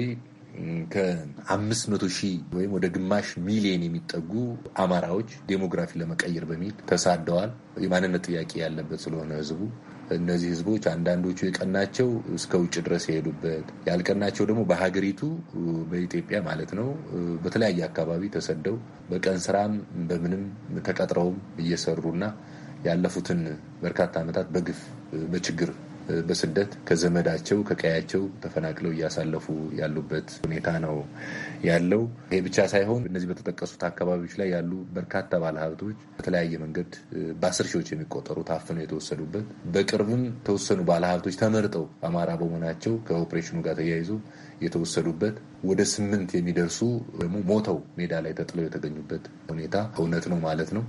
ከአምስት መቶ ሺህ ወይም ወደ ግማሽ ሚሊዮን የሚጠጉ አማራዎች ዴሞግራፊ ለመቀየር በሚል ተሳደዋል። የማንነት ጥያቄ ያለበት ስለሆነ ህዝቡ እነዚህ ህዝቦች አንዳንዶቹ የቀናቸው እስከ ውጭ ድረስ የሄዱበት ያልቀናቸው ደግሞ በሀገሪቱ በኢትዮጵያ ማለት ነው በተለያየ አካባቢ ተሰደው በቀን ስራም በምንም ተቀጥረውም እየሰሩና ያለፉትን በርካታ ዓመታት በግፍ በችግር በስደት ከዘመዳቸው ከቀያቸው ተፈናቅለው እያሳለፉ ያሉበት ሁኔታ ነው ያለው። ይሄ ብቻ ሳይሆን እነዚህ በተጠቀሱት አካባቢዎች ላይ ያሉ በርካታ ባለሀብቶች በተለያየ መንገድ በአስር ሺዎች የሚቆጠሩ ታፍነው የተወሰዱበት፣ በቅርብም የተወሰኑ ባለሀብቶች ተመርጠው አማራ በመሆናቸው ከኦፕሬሽኑ ጋር ተያይዞ የተወሰዱበት ወደ ስምንት የሚደርሱ ደግሞ ሞተው ሜዳ ላይ ተጥለው የተገኙበት ሁኔታ እውነት ነው ማለት ነው።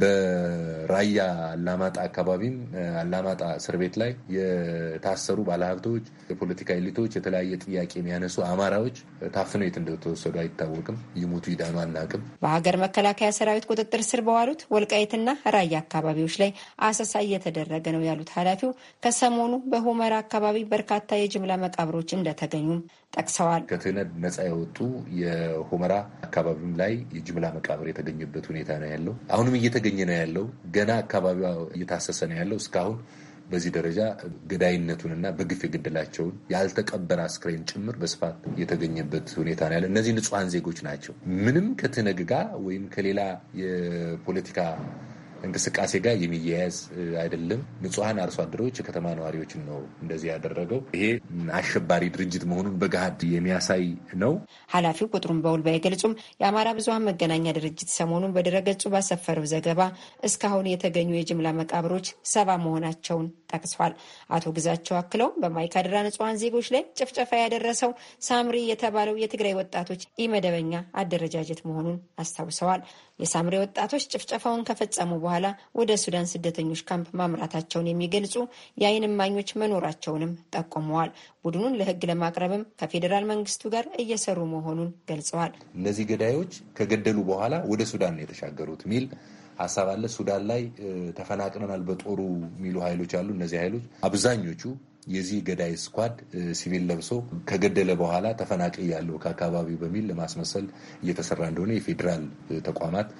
በራያ አላማጣ አካባቢም አላማጣ እስር ቤት ላይ የታሰሩ ባለሀብቶች፣ የፖለቲካ ኤሊቶች፣ የተለያየ ጥያቄ የሚያነሱ አማራዎች ታፍነው የት እንደተወሰዱ አይታወቅም። ይሙቱ ይዳኑ አናቅም። በሀገር መከላከያ ሰራዊት ቁጥጥር ስር በዋሉት ወልቃይትና ራያ አካባቢዎች ላይ አሰሳ እየተደረገ ነው ያሉት ኃላፊው ከሰሞኑ በሆመራ አካባቢ በርካታ የጅምላ መቃብሮች እንደተገኙም ጠቅሰዋል። ነፃ የወጡ የሆመራ አካባቢም ላይ የጅምላ መቃብር የተገኘበት ሁኔታ ነው ያለው። አሁንም እየተገኘ ነው ያለው። ገና አካባቢዋ እየታሰሰ ነው ያለው። እስካሁን በዚህ ደረጃ ገዳይነቱንና በግፍ የገደላቸውን ያልተቀበረ አስክሬን ጭምር በስፋት የተገኘበት ሁኔታ ነው እነዚህ ንጹሐን ዜጎች ናቸው። ምንም ከትነግ ጋር ወይም ከሌላ የፖለቲካ እንቅስቃሴ ጋር የሚያያዝ አይደለም። ንጹሐን አርሶ አደሮች፣ የከተማ ነዋሪዎችን ነው እንደዚህ ያደረገው። ይሄ አሸባሪ ድርጅት መሆኑን በገሃድ የሚያሳይ ነው። ኃላፊው ቁጥሩን በውል ባይገልጹም የአማራ ብዙሀን መገናኛ ድርጅት ሰሞኑን በድረገጹ ባሰፈረው ዘገባ እስካሁን የተገኙ የጅምላ መቃብሮች ሰባ መሆናቸውን ጠቅሷል። አቶ ግዛቸው አክለው በማይካድራ ንጹሐን ዜጎች ላይ ጭፍጨፋ ያደረሰው ሳምሪ የተባለው የትግራይ ወጣቶች ኢመደበኛ አደረጃጀት መሆኑን አስታውሰዋል። የሳምሬ ወጣቶች ጭፍጨፋውን ከፈጸሙ በኋላ ወደ ሱዳን ስደተኞች ካምፕ ማምራታቸውን የሚገልጹ የአይን እማኞች መኖራቸውንም ጠቁመዋል። ቡድኑን ለሕግ ለማቅረብም ከፌዴራል መንግስቱ ጋር እየሰሩ መሆኑን ገልጸዋል። እነዚህ ገዳዮች ከገደሉ በኋላ ወደ ሱዳን የተሻገሩት ሚል ሀሳብ አለ። ሱዳን ላይ ተፈናቅለናል በጦሩ የሚሉ ኃይሎች አሉ። እነዚህ ኃይሎች አብዛኞቹ የዚህ ገዳይ ስኳድ ሲቪል ለብሶ ከገደለ በኋላ ተፈናቃይ ያለው ከአካባቢው በሚል ለማስመሰል እየተሰራ እንደሆነ የፌዴራል ተቋማት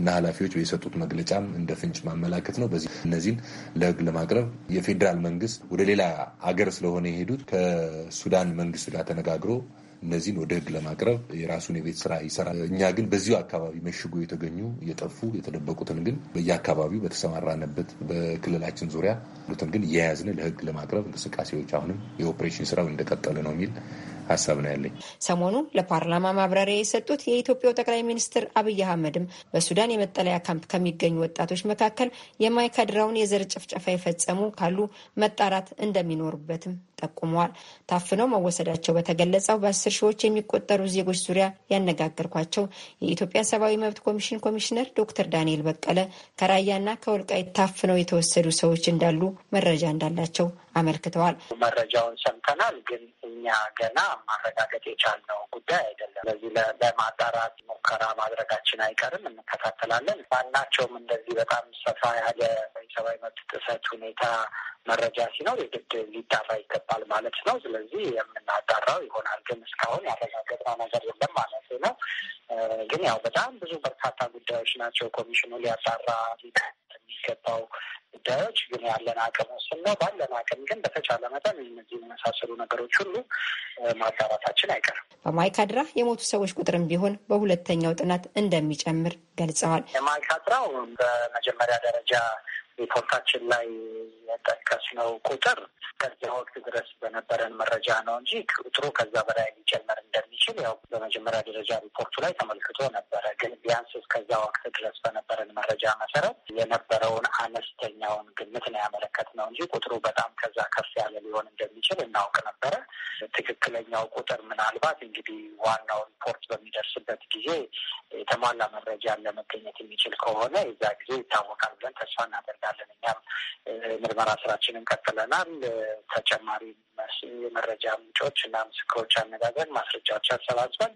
እና ኃላፊዎች የሰጡት መግለጫም እንደ ፍንጭ ማመላከት ነው። በዚህ እነዚህን ለህግ ለማቅረብ የፌዴራል መንግስት ወደ ሌላ አገር ስለሆነ የሄዱት ከሱዳን መንግስት ጋር ተነጋግሮ እነዚህን ወደ ህግ ለማቅረብ የራሱን የቤት ስራ ይሰራል። እኛ ግን በዚሁ አካባቢ መሽጎ የተገኙ የጠፉ የተደበቁትን ግን በየአካባቢው በተሰማራነበት በክልላችን ዙሪያ ሉትን ግን እየያዝን ለህግ ለማቅረብ እንቅስቃሴዎች አሁንም የኦፕሬሽን ስራው እንደቀጠለ ነው የሚል ሀሳብ ነው ያለኝ። ሰሞኑ ለፓርላማ ማብራሪያ የሰጡት የኢትዮጵያው ጠቅላይ ሚኒስትር አብይ አህመድም በሱዳን የመጠለያ ካምፕ ከሚገኙ ወጣቶች መካከል የማይካድራውን የዘር ጭፍጨፋ የፈጸሙ ካሉ መጣራት እንደሚኖርበትም ጠቁመዋል። ታፍነው መወሰዳቸው በተገለጸው በአስር ሺዎች የሚቆጠሩ ዜጎች ዙሪያ ያነጋገርኳቸው የኢትዮጵያ ሰብአዊ መብት ኮሚሽን ኮሚሽነር ዶክተር ዳንኤል በቀለ ከራያና ከወልቃይት ታፍነው የተወሰዱ ሰዎች እንዳሉ መረጃ እንዳላቸው አመልክተዋል። መረጃውን ሰምተናል፣ ግን እኛ ገና ማረጋገጥ የቻልነው ጉዳይ አይደለም። ስለዚህ ለማጣራት ሙከራ ማድረጋችን አይቀርም፣ እንከታተላለን። ማናቸውም እንደዚህ በጣም ሰፋ ያለ የሰብአዊ መብት ጥሰት ሁኔታ መረጃ ሲኖር የግድ ሊጣራ ይገባል ማለት ነው። ስለዚህ የምናጣራው ይሆናል፣ ግን እስካሁን ያረጋገጥነው ነገር የለም ማለት ነው። ግን ያው በጣም ብዙ በርካታ ጉዳዮች ናቸው ኮሚሽኑ ሊያጣራ የሚገባው ጉዳዮች ግን ያለን አቅም ውስን ነው። ባለን አቅም ግን በተቻለ መጠን እነዚህ የመሳሰሉ ነገሮች ሁሉ ማጣራታችን አይቀርም። በማይካድራ የሞቱ ሰዎች ቁጥርም ቢሆን በሁለተኛው ጥናት እንደሚጨምር ገልጸዋል። የማይካድራው በመጀመሪያ ደረጃ ሪፖርታችን ላይ የጠቀስነው ቁጥር ከዚያ ወቅት ድረስ በነበረን መረጃ ነው እንጂ ቁጥሩ ከዛ በላይ ሊጨመር እንደሚችል ያው በመጀመሪያ ደረጃ ሪፖርቱ ላይ ተመልክቶ ነበረ። ግን ቢያንስ እስከዛ ወቅት ድረስ በነበረን መረጃ መሰረት የነበረውን አነስተኛውን ግምት ነው ያመለከትነው እንጂ ቁጥሩ በጣም ከዛ ከፍ ያለ ሊሆን እንደሚችል እናውቅ ነበረ። ትክክለኛው ቁጥር ምናልባት እንግዲህ ዋናው ሪፖርት በሚደርስበት ጊዜ የተሟላ መረጃን ለመገኘት የሚችል ከሆነ የዛ ጊዜ ይታወቃል ብለን ተስፋ እናደርጋል። እናደርጋለን። እኛም ምርመራ ስራችንን ቀጥለናል። ተጨማሪ የመረጃ ምንጮች እና ምስክሮች አነጋገር ማስረጃዎች አሰባስበን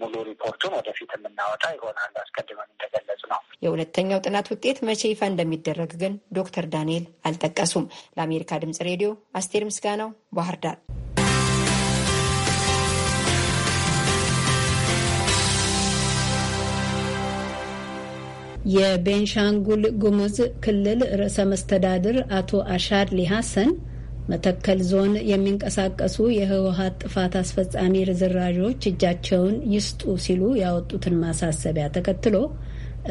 ሙሉ ሪፖርቱን ወደፊት የምናወጣ ይሆናል። አስቀድመን እንደገለጽ ነው። የሁለተኛው ጥናት ውጤት መቼ ይፋ እንደሚደረግ ግን ዶክተር ዳንኤል አልጠቀሱም። ለአሜሪካ ድምጽ ሬዲዮ አስቴር ምስጋናው ባህር ዳር። የቤንሻንጉል ጉሙዝ ክልል ርዕሰ መስተዳድር አቶ አሻድሊ ሀሰን መተከል ዞን የሚንቀሳቀሱ የህወሀት ጥፋት አስፈጻሚ ርዝራዦች እጃቸውን ይስጡ ሲሉ ያወጡትን ማሳሰቢያ ተከትሎ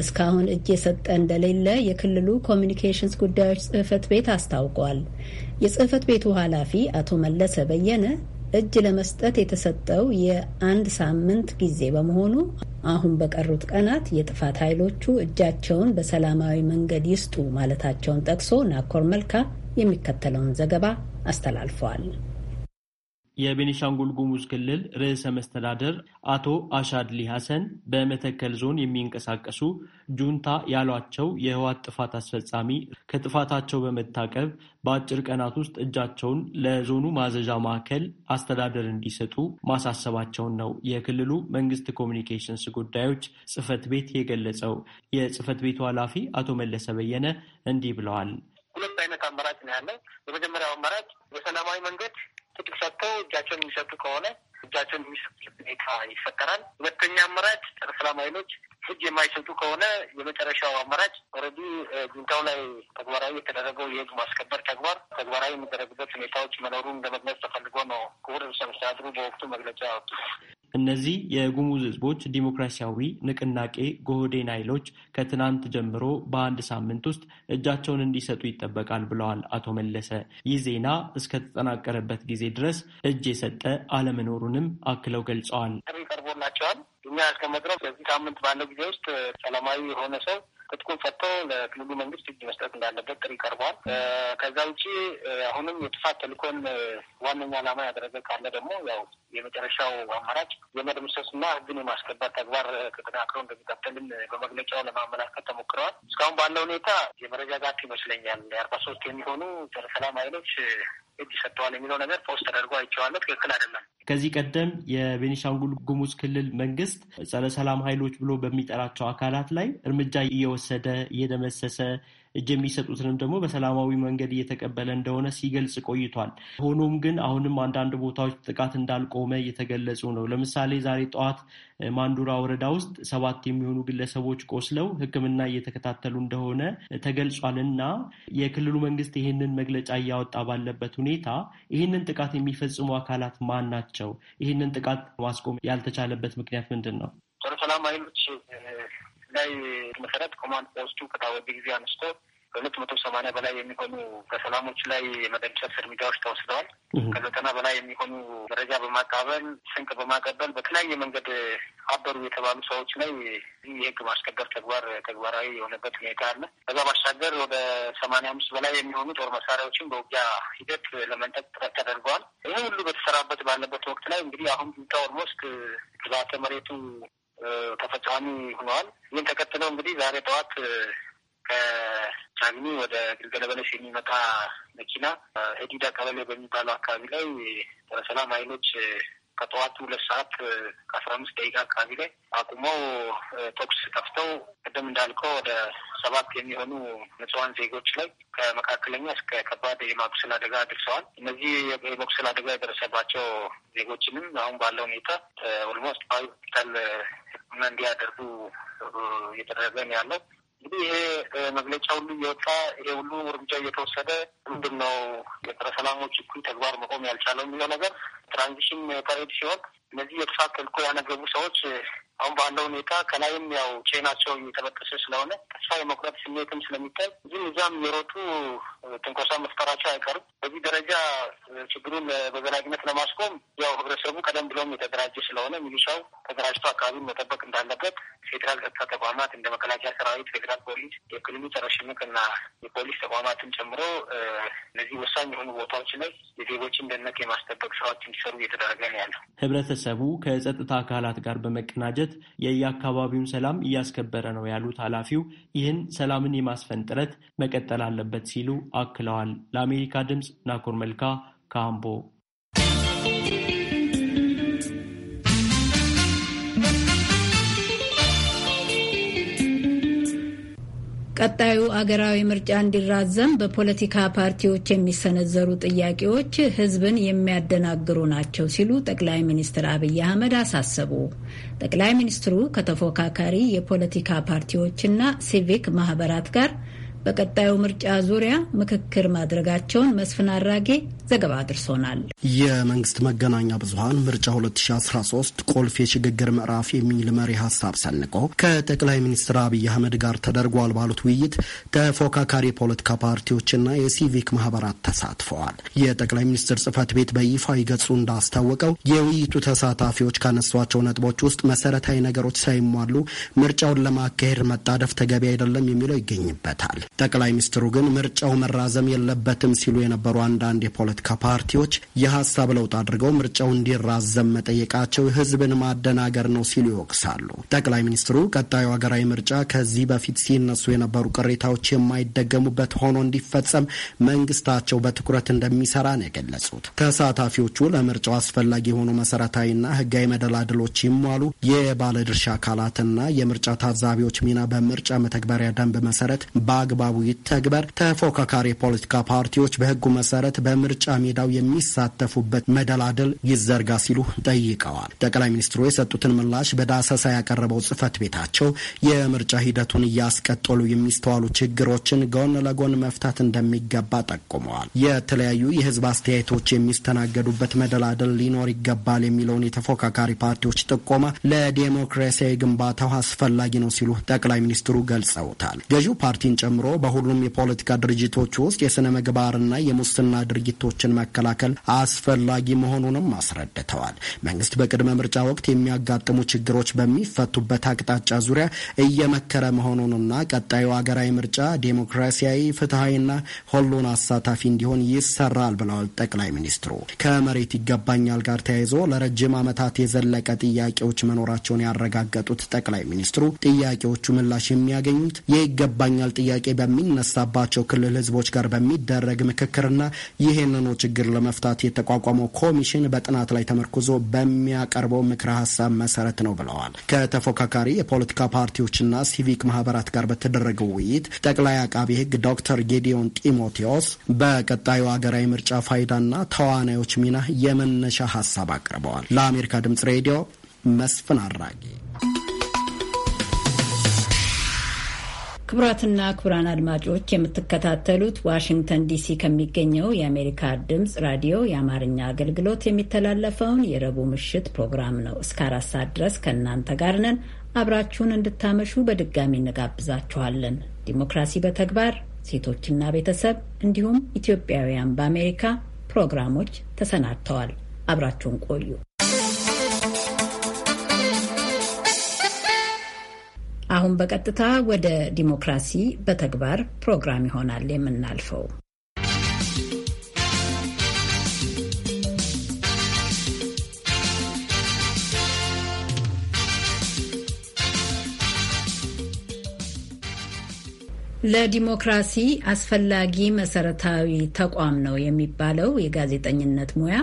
እስካሁን እጅ የሰጠ እንደሌለ የክልሉ ኮሚኒኬሽንስ ጉዳዮች ጽህፈት ቤት አስታውቋል። የጽህፈት ቤቱ ኃላፊ አቶ መለሰ በየነ እጅ ለመስጠት የተሰጠው የአንድ ሳምንት ጊዜ በመሆኑ አሁን በቀሩት ቀናት የጥፋት ኃይሎቹ እጃቸውን በሰላማዊ መንገድ ይስጡ ማለታቸውን ጠቅሶ ናኮር መልካ የሚከተለውን ዘገባ አስተላልፈዋል። የቤኒሻንጉል ጉሙዝ ክልል ርዕሰ መስተዳደር አቶ አሻድሊ ሐሰን በመተከል ዞን የሚንቀሳቀሱ ጁንታ ያሏቸው የህዋት ጥፋት አስፈጻሚ ከጥፋታቸው በመታቀብ በአጭር ቀናት ውስጥ እጃቸውን ለዞኑ ማዘዣ ማዕከል አስተዳደር እንዲሰጡ ማሳሰባቸውን ነው የክልሉ መንግስት ኮሚኒኬሽንስ ጉዳዮች ጽህፈት ቤት የገለጸው። የጽህፈት ቤቱ ኃላፊ አቶ መለሰ በየነ እንዲህ ብለዋል። ሁለት አይነት አማራጭ ነው ያለ። የመጀመሪያው አማራጭ በሰላማዊ መንገድ ትጥቅ ሰጥቶ እጃቸውን የሚሰጡ ከሆነ እጃቸውን የሚሰጡ ሁኔታ ይፈጠራል። ሁለተኛ አማራጭ ጸረ ሰላም ኃይሎች ህግ የማይሰጡ ከሆነ የመጨረሻው አማራጭ ኦልሬዲ ጁንታው ላይ ተግባራዊ የተደረገው የህግ ማስከበር ተግባር ተግባራዊ የሚደረግበት ሁኔታዎች መኖሩን ለመግለጽ ተፈልጎ ነው። ክቡር ርዕሰ መስተዳድሩ በወቅቱ መግለጫ ያወጡ እነዚህ የጉሙዝ ህዝቦች ዲሞክራሲያዊ ንቅናቄ ጎህዴን ኃይሎች ከትናንት ጀምሮ በአንድ ሳምንት ውስጥ እጃቸውን እንዲሰጡ ይጠበቃል ብለዋል አቶ መለሰ። ይህ ዜና እስከተጠናቀረበት ጊዜ ድረስ እጅ የሰጠ አለመኖሩንም አክለው ገልጸዋል። ቀርቦላቸዋል። እኛ እስከመድረስ በዚህ ሳምንት ባለው ጊዜ ውስጥ ሰላማዊ የሆነ ሰው ትጥቁን ፈቶ ለክልሉ መንግስት እጅ መስጠት እንዳለበት ጥሪ ቀርቧል። ከዛ ውጪ አሁንም የጥፋት ተልእኮን ዋነኛ ዓላማ ያደረገ ካለ ደግሞ ያው የመጨረሻው አማራጭ የመደምሰስና ህግን የማስከበር ተግባር ተጠናክሮ እንደሚቀጥልን በመግለጫው ለማመላከት ተሞክረዋል። እስካሁን ባለው ሁኔታ ጋት ይመስለኛል። የአርባ ሶስት የሚሆኑ ሰላም ኃይሎች እጅ ሰጥተዋል የሚለው ነገር ፖስት ተደርጎ አይቼዋለሁ። ትክክል አይደለም። ከዚህ ቀደም የቤኒሻንጉል ጉሙዝ ክልል መንግስት ጸረ ሰላም ኃይሎች ብሎ በሚጠራቸው አካላት ላይ እርምጃ እየወሰደ እየደመሰሰ እጅ የሚሰጡትንም ደግሞ በሰላማዊ መንገድ እየተቀበለ እንደሆነ ሲገልጽ ቆይቷል። ሆኖም ግን አሁንም አንዳንድ ቦታዎች ጥቃት እንዳልቆመ እየተገለጹ ነው። ለምሳሌ ዛሬ ጠዋት ማንዱራ ወረዳ ውስጥ ሰባት የሚሆኑ ግለሰቦች ቆስለው ሕክምና እየተከታተሉ እንደሆነ ተገልጿል እና የክልሉ መንግስት ይህንን መግለጫ እያወጣ ባለበት ሁኔታ ይህንን ጥቃት የሚፈጽሙ አካላት ማን ናቸው? ይህንን ጥቃት ማስቆም ያልተቻለበት ምክንያት ምንድን ነው? ሰላም ኃይሎች ላይ መሰረት ኮማንድ ፖስቱ ከታወጀ ጊዜ አንስቶ ከሁለት መቶ ሰማኒያ በላይ የሚሆኑ በሰላሞች ላይ የመደምሰስ እርምጃዎች ተወስደዋል። ከዘጠና በላይ የሚሆኑ መረጃ በማቃበል ስንቅ በማቀበል በተለያየ መንገድ አበሩ የተባሉ ሰዎች ላይ የህግ ማስከበር ተግባር ተግባራዊ የሆነበት ሁኔታ አለ። ከዛ ባሻገር ወደ ሰማኒያ አምስት በላይ የሚሆኑ ጦር መሳሪያዎችን በውጊያ ሂደት ለመንጠቅ ጥረት ተደርገዋል። ይህ ሁሉ በተሰራበት ባለበት ወቅት ላይ እንግዲህ አሁን ቢታ ኦልሞስት ግዛተ መሬቱ ተፈጻሚ ሆነዋል። ይህን ተከትለው እንግዲህ ዛሬ ጠዋት ከቻግኒ ወደ ግልገለበለሽ የሚመጣ መኪና ሄዲዳ ቀበሌ በሚባለው አካባቢ ላይ ጸረ ሰላም ኃይሎች ከጠዋቱ ሁለት ሰዓት ከአስራ አምስት ደቂቃ አካባቢ ላይ አቁመው ተኩስ ከፍተው ቅድም እንዳልከው ወደ ሰባት የሚሆኑ ንጹሃን ዜጎች ላይ ከመካከለኛ እስከ ከባድ የማቁሰል አደጋ ደርሰዋል። እነዚህ የማቁሰል አደጋ የደረሰባቸው ዜጎችንም አሁን ባለው ሁኔታ ኦልሞስት ሆስፒታል እንዲያደርጉ እየተደረገ ነው ያለው። እንግዲህ ይሄ መግለጫ ሁሉ እየወጣ ይሄ ሁሉ እርምጃ እየተወሰደ ምንድን ነው የጸረ ሰላሞች እኩይ ተግባር መቆም ያልቻለው የሚለው ነገር ትራንዚሽን ፐሬድ ሲሆን እነዚህ የተሳተልኮ ያነገቡ ሰዎች አሁን ባለው ሁኔታ ከላይም ያው ቼናቸው እየተበጠሰ ስለሆነ ተስፋ የመቁረጥ ስሜትም ስለሚታይ እዚህም እዚያም የሮጡ ትንኮሳ መፍጠራቸው አይቀርም። በዚህ ደረጃ ችግሩን በዘላቂነት ለማስቆም ያው ህብረተሰቡ ቀደም ብሎም የተደራጀ ስለሆነ ሚሊሻው ተደራጅቶ አካባቢ መጠበቅ እንዳለበት ፌዴራል ጸጥታ ተቋማት እንደ መከላከያ ሰራዊት፣ ፌዴራል ፖሊስ፣ የክልሉ ጸረ ሽምቅና የፖሊስ ተቋማትን ጨምሮ እነዚህ ወሳኝ የሆኑ ቦታዎች ላይ የዜጎችን ደህንነት የማስጠበቅ ስራዎች እንዲሰሩ እየተደረገ ነው ያለው። ህብረተሰቡ ከጸጥታ አካላት ጋር በመቀናጀት በመደራጀት የየአካባቢውን ሰላም እያስከበረ ነው ያሉት ኃላፊው ይህን ሰላምን የማስፈን ጥረት መቀጠል አለበት ሲሉ አክለዋል። ለአሜሪካ ድምፅ ናኮር መልካ ካምቦ ቀጣዩ አገራዊ ምርጫ እንዲራዘም በፖለቲካ ፓርቲዎች የሚሰነዘሩ ጥያቄዎች ሕዝብን የሚያደናግሩ ናቸው ሲሉ ጠቅላይ ሚኒስትር አብይ አህመድ አሳሰቡ። ጠቅላይ ሚኒስትሩ ከተፎካካሪ የፖለቲካ ፓርቲዎችና ሲቪክ ማህበራት ጋር በቀጣዩ ምርጫ ዙሪያ ምክክር ማድረጋቸውን መስፍን አራጌ ዘገባ አድርሶናል። የመንግስት መገናኛ ብዙሀን ምርጫ 2013 ቁልፍ የሽግግር ምዕራፍ የሚል መሪ ሀሳብ ሰንቆ ከጠቅላይ ሚኒስትር አብይ አህመድ ጋር ተደርጓል ባሉት ውይይት ተፎካካሪ የፖለቲካ ፓርቲዎችና የሲቪክ ማህበራት ተሳትፈዋል። የጠቅላይ ሚኒስትር ጽህፈት ቤት በይፋዊ ገጹ እንዳስታወቀው የውይይቱ ተሳታፊዎች ካነሷቸው ነጥቦች ውስጥ መሰረታዊ ነገሮች ሳይሟሉ ምርጫውን ለማካሄድ መጣደፍ ተገቢ አይደለም የሚለው ይገኝበታል። ጠቅላይ ሚኒስትሩ ግን ምርጫው መራዘም የለበትም ሲሉ የነበሩ አንዳንድ የፖለቲካ ፓርቲዎች የሀሳብ ለውጥ አድርገው ምርጫው እንዲራዘም መጠየቃቸው ህዝብን ማደናገር ነው ሲሉ ይወቅሳሉ። ጠቅላይ ሚኒስትሩ ቀጣዩ ሀገራዊ ምርጫ ከዚህ በፊት ሲነሱ የነበሩ ቅሬታዎች የማይደገሙበት ሆኖ እንዲፈጸም መንግስታቸው በትኩረት እንደሚሰራ ነው የገለጹት። ተሳታፊዎቹ ለምርጫው አስፈላጊ የሆኑ መሰረታዊና ህጋዊ መደላድሎች ይሟሉ፣ የባለድርሻ አካላትና የምርጫ ታዛቢዎች ሚና በምርጫ መተግበሪያ ደንብ መሰረት በአግባ የአግባቡ ይተግበር፣ ተፎካካሪ የፖለቲካ ፓርቲዎች በህጉ መሰረት በምርጫ ሜዳው የሚሳተፉበት መደላደል ይዘርጋ ሲሉ ጠይቀዋል። ጠቅላይ ሚኒስትሩ የሰጡትን ምላሽ በዳሰሳ ያቀረበው ጽህፈት ቤታቸው የምርጫ ሂደቱን እያስቀጠሉ የሚስተዋሉ ችግሮችን ጎን ለጎን መፍታት እንደሚገባ ጠቁመዋል። የተለያዩ የህዝብ አስተያየቶች የሚስተናገዱበት መደላደል ሊኖር ይገባል የሚለውን የተፎካካሪ ፓርቲዎች ጥቆማ ለዲሞክራሲያዊ ግንባታው አስፈላጊ ነው ሲሉ ጠቅላይ ሚኒስትሩ ገልጸውታል። ገዢው ፓርቲን ጨምሮ በሁሉም የፖለቲካ ድርጅቶች ውስጥ የሥነ ምግባርና የሙስና ድርጊቶችን መከላከል አስፈላጊ መሆኑንም አስረድተዋል። መንግስት በቅድመ ምርጫ ወቅት የሚያጋጥሙ ችግሮች በሚፈቱበት አቅጣጫ ዙሪያ እየመከረ መሆኑንና ቀጣዩ ሀገራዊ ምርጫ ዴሞክራሲያዊ፣ ፍትሐዊና ሁሉን አሳታፊ እንዲሆን ይሰራል ብለዋል ጠቅላይ ሚኒስትሩ። ከመሬት ይገባኛል ጋር ተያይዞ ለረጅም ዓመታት የዘለቀ ጥያቄዎች መኖራቸውን ያረጋገጡት ጠቅላይ ሚኒስትሩ ጥያቄዎቹ ምላሽ የሚያገኙት የይገባኛል ጥያቄ በሚነሳባቸው ክልል ህዝቦች ጋር በሚደረግ ምክክርና ይህንኑ ችግር ለመፍታት የተቋቋመው ኮሚሽን በጥናት ላይ ተመርኩዞ በሚያቀርበው ምክረ ሀሳብ መሰረት ነው ብለዋል። ከተፎካካሪ የፖለቲካ ፓርቲዎችና ሲቪክ ማህበራት ጋር በተደረገው ውይይት ጠቅላይ አቃቢ ህግ ዶክተር ጌዲዮን ጢሞቴዎስ በቀጣዩ ሀገራዊ ምርጫ ፋይዳና ተዋናዮች ሚና የመነሻ ሀሳብ አቅርበዋል። ለአሜሪካ ድምጽ ሬዲዮ መስፍን አራጌ ክቡራትና ክቡራን አድማጮች የምትከታተሉት ዋሽንግተን ዲሲ ከሚገኘው የአሜሪካ ድምፅ ራዲዮ የአማርኛ አገልግሎት የሚተላለፈውን የረቡዕ ምሽት ፕሮግራም ነው። እስከ አራት ሰዓት ድረስ ከእናንተ ጋር ነን። አብራችሁን እንድታመሹ በድጋሚ እንጋብዛችኋለን። ዲሞክራሲ በተግባር ሴቶችና ቤተሰብ እንዲሁም ኢትዮጵያውያን በአሜሪካ ፕሮግራሞች ተሰናድተዋል። አብራችሁን ቆዩ። አሁን በቀጥታ ወደ ዲሞክራሲ በተግባር ፕሮግራም ይሆናል የምናልፈው። ለዲሞክራሲ አስፈላጊ መሰረታዊ ተቋም ነው የሚባለው የጋዜጠኝነት ሙያ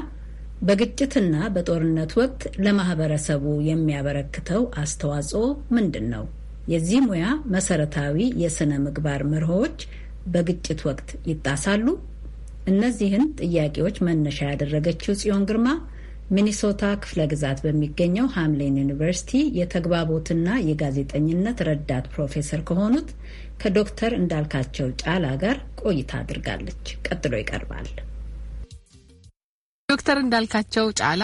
በግጭትና በጦርነት ወቅት ለማህበረሰቡ የሚያበረክተው አስተዋጽኦ ምንድን ነው? የዚህ ሙያ መሰረታዊ የስነ ምግባር መርሆዎች በግጭት ወቅት ይጣሳሉ? እነዚህን ጥያቄዎች መነሻ ያደረገችው ጽዮን ግርማ ሚኒሶታ ክፍለ ግዛት በሚገኘው ሃምሊን ዩኒቨርሲቲ የተግባቦትና የጋዜጠኝነት ረዳት ፕሮፌሰር ከሆኑት ከዶክተር እንዳልካቸው ጫላ ጋር ቆይታ አድርጋለች። ቀጥሎ ይቀርባል። ዶክተር እንዳልካቸው ጫላ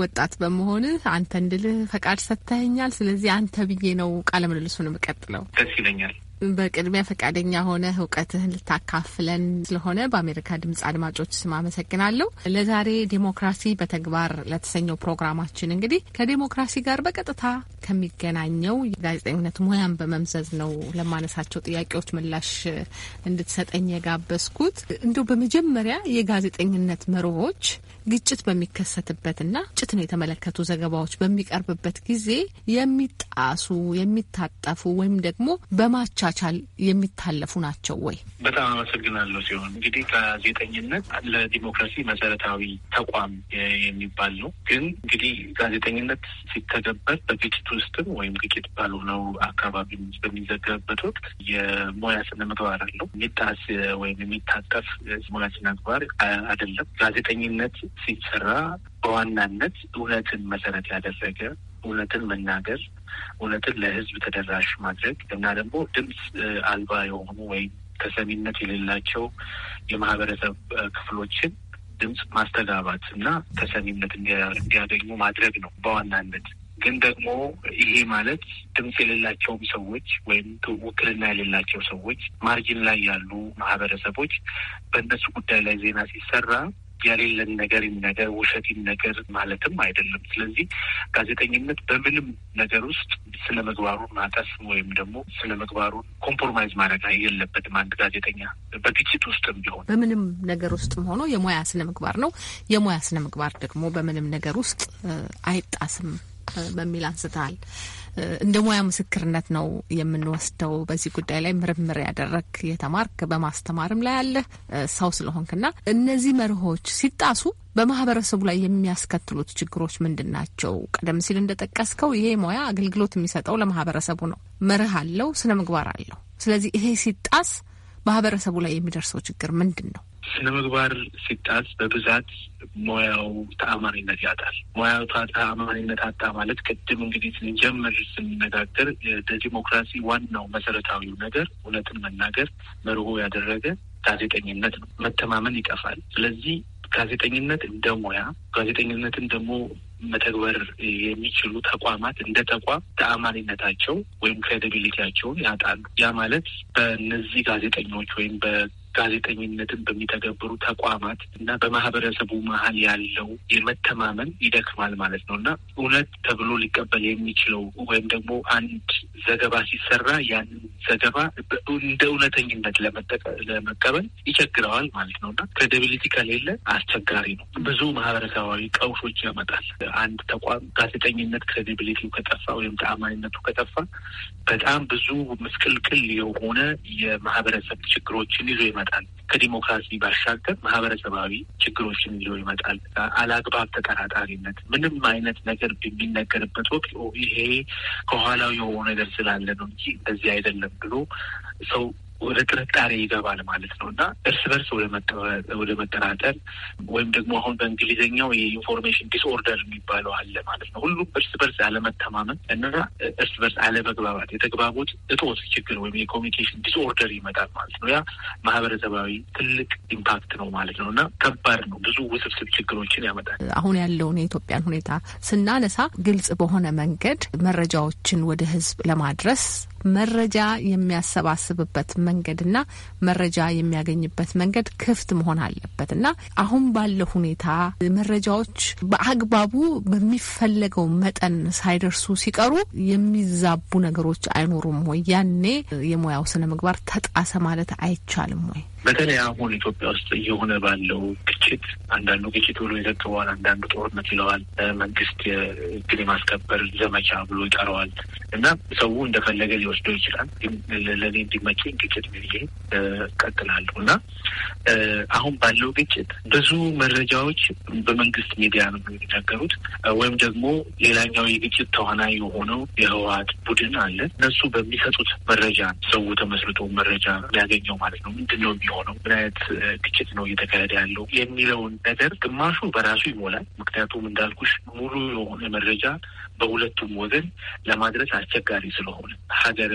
ወጣት በመሆንህ አንተ እንድልህ ፈቃድ ሰጥተኸኛል። ስለዚህ አንተ ብዬ ነው ቃለ ምልልሱን የምቀጥለው። ደስ ይለኛል። በቅድሚያ ፈቃደኛ ሆነ እውቀትህን ልታካፍለን ስለሆነ በአሜሪካ ድምጽ አድማጮች ስም አመሰግናለሁ። ለዛሬ ዴሞክራሲ በተግባር ለተሰኘው ፕሮግራማችን እንግዲህ ከዴሞክራሲ ጋር በቀጥታ ከሚገናኘው ጋዜጠኝነት ሙያን በመምዘዝ ነው ለማነሳቸው ጥያቄዎች ምላሽ እንድትሰጠኝ የጋበዝኩት። እንዲሁ በመጀመሪያ የጋዜጠኝነት መርሆች ግጭት በሚከሰትበትና ግጭትን የተመለከቱ ዘገባዎች በሚቀርብበት ጊዜ የሚጣሱ የሚታጠፉ ወይም ደግሞ በማቻ መቻቻል የሚታለፉ ናቸው ወይ? በጣም አመሰግናለሁ። ሲሆን እንግዲህ ጋዜጠኝነት ለዲሞክራሲ መሰረታዊ ተቋም የሚባል ነው። ግን እንግዲህ ጋዜጠኝነት ሲተገበር በግጭት ውስጥም ወይም ግጭት ባልሆነው አካባቢ በሚዘገብበት ወቅት የሙያ ስነ ምግባር አለው። የሚጣስ ወይም የሚታጠፍ ሙያ ስነ ምግባር አይደለም። ጋዜጠኝነት ሲሰራ በዋናነት እውነትን መሰረት ያደረገ እውነትን መናገር፣ እውነትን ለህዝብ ተደራሽ ማድረግ እና ደግሞ ድምፅ አልባ የሆኑ ወይም ተሰሚነት የሌላቸው የማህበረሰብ ክፍሎችን ድምፅ ማስተጋባት እና ተሰሚነት እንዲያገኙ ማድረግ ነው በዋናነት። ግን ደግሞ ይሄ ማለት ድምፅ የሌላቸውም ሰዎች ወይም ውክልና የሌላቸው ሰዎች፣ ማርጂን ላይ ያሉ ማህበረሰቦች በእነሱ ጉዳይ ላይ ዜና ሲሰራ የሌለን ነገር ይነገር፣ ውሸት ይነገር ማለትም አይደለም። ስለዚህ ጋዜጠኝነት በምንም ነገር ውስጥ ስነ ምግባሩን ማጠስ ወይም ደግሞ ስነ ምግባሩን ኮምፕሮማይዝ ማድረግ የለበትም። አንድ ጋዜጠኛ በግጭት ውስጥም ቢሆን በምንም ነገር ውስጥም ሆኖ የሙያ ስነ ምግባር ነው። የሙያ ስነ ምግባር ደግሞ በምንም ነገር ውስጥ አይጣስም በሚል አንስተሃል። እንደ ሙያ ምስክርነት ነው የምንወስደው። በዚህ ጉዳይ ላይ ምርምር ያደረግ የተማርክ በማስተማርም ላይ አለ ሰው ስለሆንክና እነዚህ መርሆች ሲጣሱ በማህበረሰቡ ላይ የሚያስከትሉት ችግሮች ምንድን ናቸው? ቀደም ሲል እንደጠቀስከው ይሄ ሙያ አገልግሎት የሚሰጠው ለማህበረሰቡ ነው። መርህ አለው፣ ስነ ምግባር አለው። ስለዚህ ይሄ ሲጣስ ማህበረሰቡ ላይ የሚደርሰው ችግር ምንድን ነው? ስነ ምግባር ሲጣስ በብዛት ሙያው ተአማኒነት ያጣል። ሙያው ተአማኒነት አጣ ማለት ቅድም እንግዲህ ስንጀምር ስንነጋገር ለዲሞክራሲ ዋናው መሰረታዊው ነገር እውነትን መናገር መርሆ ያደረገ ጋዜጠኝነት ነው። መተማመን ይጠፋል። ስለዚህ ጋዜጠኝነት እንደ ሙያ ጋዜጠኝነትን ደግሞ መተግበር የሚችሉ ተቋማት እንደ ተቋም ተአማኒነታቸው ወይም ክሬዲቢሊቲያቸውን ያጣሉ። ያ ማለት በእነዚህ ጋዜጠኞች ወይም ጋዜጠኝነትን በሚተገብሩ ተቋማት እና በማህበረሰቡ መሀል ያለው የመተማመን ይደክማል ማለት ነው እና እውነት ተብሎ ሊቀበል የሚችለው ወይም ደግሞ አንድ ዘገባ ሲሰራ ያንን ዘገባ እንደ እውነተኝነት ለመቀበል ይቸግረዋል ማለት ነው እና ክሬዲቢሊቲ ከሌለ አስቸጋሪ ነው። ብዙ ማህበረሰባዊ ቀውሶች ያመጣል። አንድ ተቋም ጋዜጠኝነት ክሬዲቢሊቲው ከጠፋ ወይም ተአማኝነቱ ከጠፋ በጣም ብዙ ምስቅልቅል የሆነ የማህበረሰብ ችግሮችን ይዞ ይመጣል። ይመጣል። ከዲሞክራሲ ባሻገር ማህበረሰባዊ ችግሮችን ይዞ ይመጣል። አላግባብ ተጠራጣሪነት፣ ምንም አይነት ነገር በሚነገርበት ወቅት ይሄ ከኋላው የሆነ ነገር ስላለ ነው እንጂ እዚህ አይደለም ብሎ ሰው ወደ ጥርጣሬ ይገባል ማለት ነው እና እርስ በርስ ወደ መጠራጠር ወይም ደግሞ አሁን በእንግሊዝኛው የኢንፎርሜሽን ዲስኦርደር የሚባለው አለ ማለት ነው። ሁሉም እርስ በርስ አለመተማመን እና እርስ በርስ አለመግባባት፣ የተግባቦት እጦት ችግር ወይም የኮሚኒኬሽን ዲስኦርደር ይመጣል ማለት ነው። ያ ማህበረሰባዊ ትልቅ ኢምፓክት ነው ማለት ነው እና ከባድ ነው። ብዙ ውስብስብ ችግሮችን ያመጣል። አሁን ያለውን የኢትዮጵያን ሁኔታ ስናነሳ ግልጽ በሆነ መንገድ መረጃዎችን ወደ ህዝብ ለማድረስ መረጃ የሚያሰባስብበት መንገድና መረጃ የሚያገኝበት መንገድ ክፍት መሆን አለበት እና አሁን ባለው ሁኔታ መረጃዎች በአግባቡ በሚፈለገው መጠን ሳይደርሱ ሲቀሩ የሚዛቡ ነገሮች አይኖሩም ወይ? ያኔ የሙያው ስነ ምግባር ተጣሰ ማለት አይቻልም ወይ? በተለይ አሁን ኢትዮጵያ ውስጥ እየሆነ ባለው ግጭት አንዳንዱ ግጭት ብሎ ይዘግበዋል፣ አንዳንዱ ጦርነት ይለዋል፣ መንግስት የህግ የማስከበር ዘመቻ ብሎ ይጠራዋል እና ሰው እንደፈለገ ሊወስደው ይችላል። ለእኔ እንዲመቸኝ ግጭት ብዬ እቀጥላለሁ እና አሁን ባለው ግጭት ብዙ መረጃዎች በመንግስት ሚዲያ ነው የሚነገሩት ወይም ደግሞ ሌላኛው የግጭት ተዋናይ የሆነው የህወሀት ቡድን አለ። እነሱ በሚሰጡት መረጃ ሰው ተመስርቶ መረጃ ሊያገኘው ማለት ነው ምንድን ነው የሚሆነው ምን አይነት ግጭት ነው እየተካሄደ ያለው የሚለውን ነገር ግማሹ በራሱ ይሞላል። ምክንያቱም እንዳልኩሽ ሙሉ የሆነ መረጃ በሁለቱም ወገን ለማድረስ አስቸጋሪ ስለሆነ ሀገር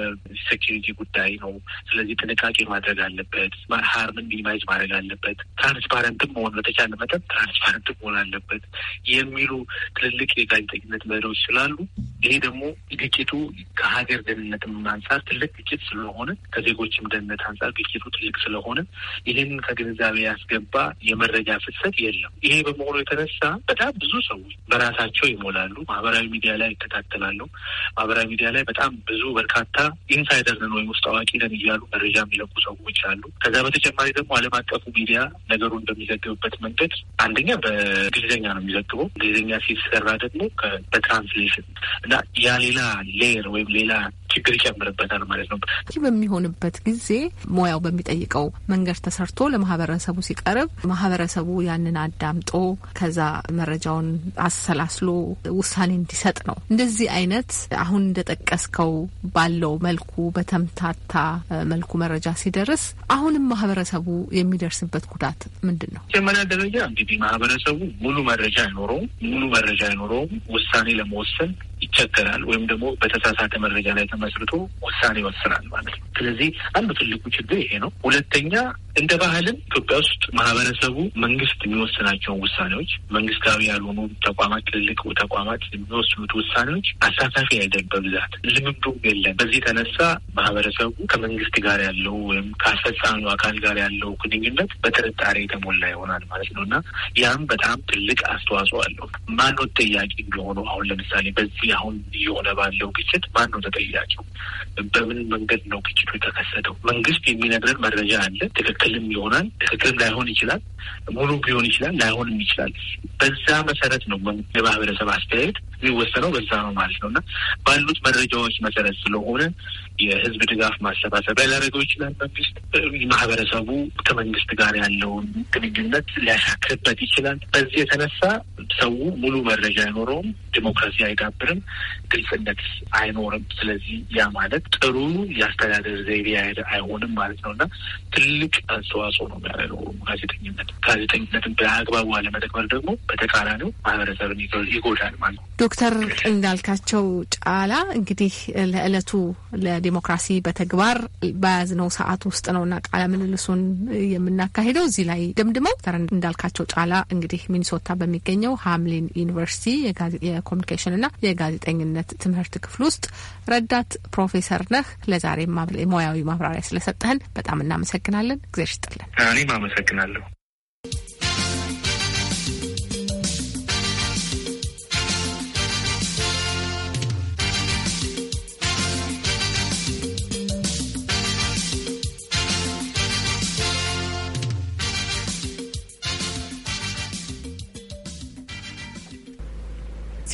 ሴኪሪቲ ጉዳይ ነው። ስለዚህ ጥንቃቄ ማድረግ አለበት። ሀርም ሚኒማይዝ ማድረግ አለበት። ትራንስፓረንትም መሆን በተቻለ መጠን ትራንስፓረንትም መሆን አለበት የሚሉ ትልልቅ የጋዜጠኝነት መሪዎች ስላሉ ይሄ ደግሞ ግጭቱ ከሀገር ደህንነትም አንጻር ትልቅ ግጭት ስለሆነ ከዜጎችም ደህንነት አንጻር ግጭቱ ትልቅ ስለሆነ ይህን ከግንዛቤ ያስገባ የመረጃ ፍሰት የለም። ይሄ በመሆኑ የተነሳ በጣም ብዙ ሰዎች በራሳቸው ይሞላሉ ማህበራዊ ሚዲያ ሚዲያ ላይ ይከታተላለሁ። ማህበራዊ ሚዲያ ላይ በጣም ብዙ በርካታ ኢንሳይደር ነን ወይም ውስጥ አዋቂ ነን እያሉ መረጃ የሚለቁ ሰዎች አሉ። ከዛ በተጨማሪ ደግሞ ዓለም አቀፉ ሚዲያ ነገሩን በሚዘግብበት መንገድ አንደኛ በእንግሊዝኛ ነው የሚዘግበው። እንግሊዝኛ ሲሰራ ደግሞ በትራንስሌሽን እና ያ ሌላ ሌየር ወይም ሌላ ችግር ይጨምርበታል ማለት ነው። ይህ በሚሆንበት ጊዜ ሙያው በሚጠይቀው መንገድ ተሰርቶ ለማህበረሰቡ ሲቀርብ ማህበረሰቡ ያንን አዳምጦ ከዛ መረጃውን አሰላስሎ ውሳኔ እንዲሰጥ ነው። እንደዚህ አይነት አሁን እንደጠቀስከው ባለው መልኩ በተምታታ መልኩ መረጃ ሲደርስ አሁንም ማህበረሰቡ የሚደርስበት ጉዳት ምንድን ነው? መጀመሪያ ደረጃ እንግዲህ ማህበረሰቡ ሙሉ መረጃ አይኖረውም። ሙሉ መረጃ አይኖረውም። ውሳኔ ለመወሰን ይቸገራል ወይም ደግሞ በተሳሳተ መረጃ ላይ ተመስርቶ ውሳኔ ይወስናል ማለት ነው። ስለዚህ አንዱ ትልቁ ችግር ይሄ ነው። ሁለተኛ እንደ ባህልም ኢትዮጵያ ውስጥ ማህበረሰቡ መንግስት የሚወስናቸውን ውሳኔዎች፣ መንግስታዊ ያልሆኑ ተቋማት፣ ትልልቅ ተቋማት የሚወስኑት ውሳኔዎች አሳታፊ አይደለም። በብዛት ልምዱ የለም። በዚህ የተነሳ ማህበረሰቡ ከመንግስት ጋር ያለው ወይም ከአስፈጻሚ አካል ጋር ያለው ግንኙነት በጥርጣሬ የተሞላ ይሆናል ማለት ነው እና ያም በጣም ትልቅ አስተዋጽኦ አለው። ማንወት ጠያቂ እንደሆኑ አሁን ለምሳሌ በዚህ አሁን እየሆነ ባለው ግጭት ማን ነው ተጠያቂው? በምን መንገድ ነው ግጭቱ የተከሰተው? መንግስት የሚነግረን መረጃ አለ። ትክክልም ይሆናል፣ ትክክልም ላይሆን ይችላል፣ ሙሉ ቢሆን ይችላል፣ ላይሆንም ይችላል። በዛ መሰረት ነው የማህበረሰብ አስተያየት የሚወሰነው በዛ ነው ማለት ነው እና ባሉት መረጃዎች መሰረት ስለሆነ የህዝብ ድጋፍ ማሰባሰቢያ ሊያደርገው ይችላል። መንግስት ማህበረሰቡ ከመንግስት ጋር ያለውን ግንኙነት ሊያሻክርበት ይችላል። በዚህ የተነሳ ሰው ሙሉ መረጃ አይኖረውም፣ ዲሞክራሲ አይዳብርም። ግልጽነት አይኖርም። ስለዚህ ያ ማለት ጥሩ የአስተዳደር ዘይቤ አይሆንም ማለት ነው እና ትልቅ አስተዋጽኦ ነው የሚያደርገው ጋዜጠኝነት። ጋዜጠኝነትን በአግባቡ አለመተግበር ደግሞ በተቃራኒው ማህበረሰብን ይጎዳል ማለት ነው። ዶክተር እንዳልካቸው ጫላ እንግዲህ ለእለቱ ለዲሞክራሲ በተግባር በያዝነው ሰዓት ውስጥ ነው እና ቃለ ምልልሱን የምናካሄደው እዚህ ላይ ደምድመው ዶክተር እንዳልካቸው ጫላ እንግዲህ ሚኒሶታ በሚገኘው ሀምሊን ዩኒቨርሲቲ የኮሚኒኬሽን የጋዜጠኝነት አይነት ትምህርት ክፍል ውስጥ ረዳት ፕሮፌሰር ነህ። ለዛሬ ሙያዊ ማብራሪያ ስለሰጠህን በጣም እናመሰግናለን። እግዜር ይስጥልን። እኔም አመሰግናለሁ።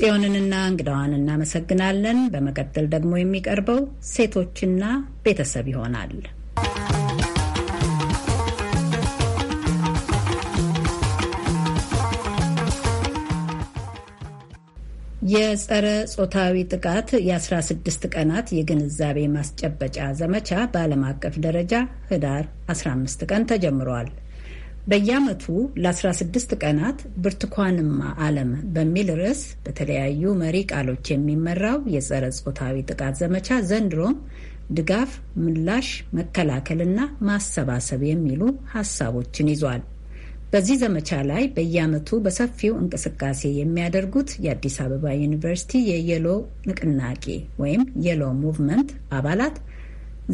ጽዮንንና እንግዳዋን እናመሰግናለን። በመቀጠል ደግሞ የሚቀርበው ሴቶችና ቤተሰብ ይሆናል። የጸረ ጾታዊ ጥቃት የ16 ቀናት የግንዛቤ ማስጨበጫ ዘመቻ በዓለም አቀፍ ደረጃ ህዳር 15 ቀን ተጀምሯል። በየዓመቱ ለ16 ቀናት ብርቱካንማ ዓለም በሚል ርዕስ በተለያዩ መሪ ቃሎች የሚመራው የጸረ ጾታዊ ጥቃት ዘመቻ ዘንድሮም ድጋፍ፣ ምላሽ፣ መከላከልና ማሰባሰብ የሚሉ ሀሳቦችን ይዟል። በዚህ ዘመቻ ላይ በየዓመቱ በሰፊው እንቅስቃሴ የሚያደርጉት የአዲስ አበባ ዩኒቨርሲቲ የየሎ ንቅናቄ ወይም የሎ ሙቭመንት አባላት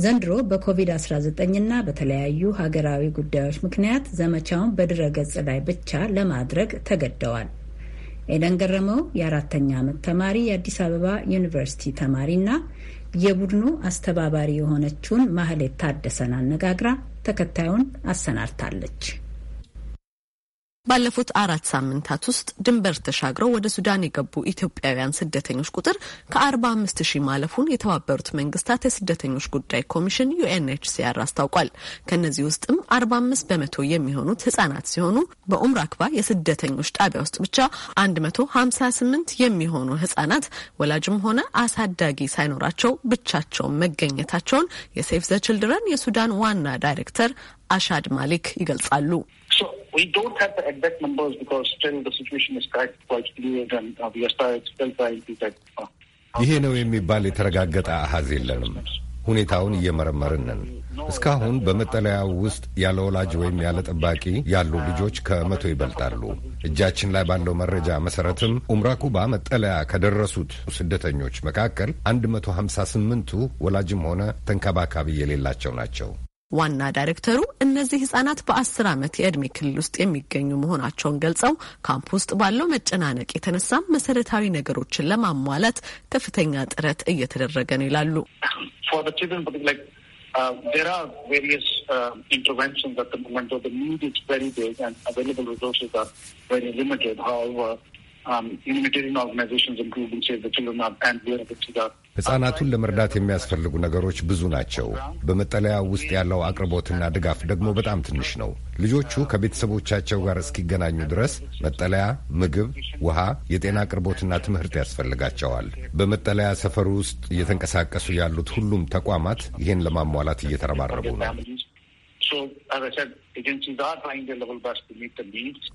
ዘንድሮ በኮቪድ-19ና በተለያዩ ሀገራዊ ጉዳዮች ምክንያት ዘመቻውን በድረ-ገጽ ላይ ብቻ ለማድረግ ተገደዋል። ኤደን ገረመው የአራተኛ ዓመት ተማሪ የአዲስ አበባ ዩኒቨርሲቲ ተማሪና የቡድኑ አስተባባሪ የሆነችውን ማህሌት ታደሰን አነጋግራ ተከታዩን አሰናድታለች። ባለፉት አራት ሳምንታት ውስጥ ድንበር ተሻግረው ወደ ሱዳን የገቡ ኢትዮጵያውያን ስደተኞች ቁጥር ከ45 ሺህ ማለፉን የተባበሩት መንግስታት የስደተኞች ጉዳይ ኮሚሽን ዩኤንኤችሲአር አስታውቋል። ከእነዚህ ውስጥም 45 በመቶ የሚሆኑት ህጻናት ሲሆኑ በኡምር አክባ የስደተኞች ጣቢያ ውስጥ ብቻ 158 የሚሆኑ ህጻናት ወላጅም ሆነ አሳዳጊ ሳይኖራቸው ብቻቸውን መገኘታቸውን የሴፍ ዘ ችልድረን የሱዳን ዋና ዳይሬክተር አሻድ ማሊክ ይገልጻሉ። We don't have the exact numbers because still the situation is quite, quite fluid and uh, we are still still trying to get. Uh, ይሄ ነው የሚባል የተረጋገጠ አሃዝ የለንም። ሁኔታውን እየመረመርን ነን። እስካሁን በመጠለያ ውስጥ ያለ ወላጅ ወይም ያለ ጠባቂ ያሉ ልጆች ከመቶ ይበልጣሉ። እጃችን ላይ ባለው መረጃ መሰረትም ኡምራኩባ መጠለያ ከደረሱት ስደተኞች መካከል 158ቱ ወላጅም ሆነ ተንከባካቢ የሌላቸው ናቸው። ዋና ዳይሬክተሩ እነዚህ ህጻናት በአስር ዓመት የእድሜ ክልል ውስጥ የሚገኙ መሆናቸውን ገልጸው ካምፕ ውስጥ ባለው መጨናነቅ የተነሳ መሰረታዊ ነገሮችን ለማሟላት ከፍተኛ ጥረት እየተደረገ ነው ይላሉ። ህጻናቱን um, ለመርዳት የሚያስፈልጉ ነገሮች ብዙ ናቸው። በመጠለያ ውስጥ ያለው አቅርቦትና ድጋፍ ደግሞ በጣም ትንሽ ነው። ልጆቹ ከቤተሰቦቻቸው ጋር እስኪገናኙ ድረስ መጠለያ፣ ምግብ፣ ውሃ፣ የጤና አቅርቦትና ትምህርት ያስፈልጋቸዋል። በመጠለያ ሰፈር ውስጥ እየተንቀሳቀሱ ያሉት ሁሉም ተቋማት ይህን ለማሟላት እየተረባረቡ ነው።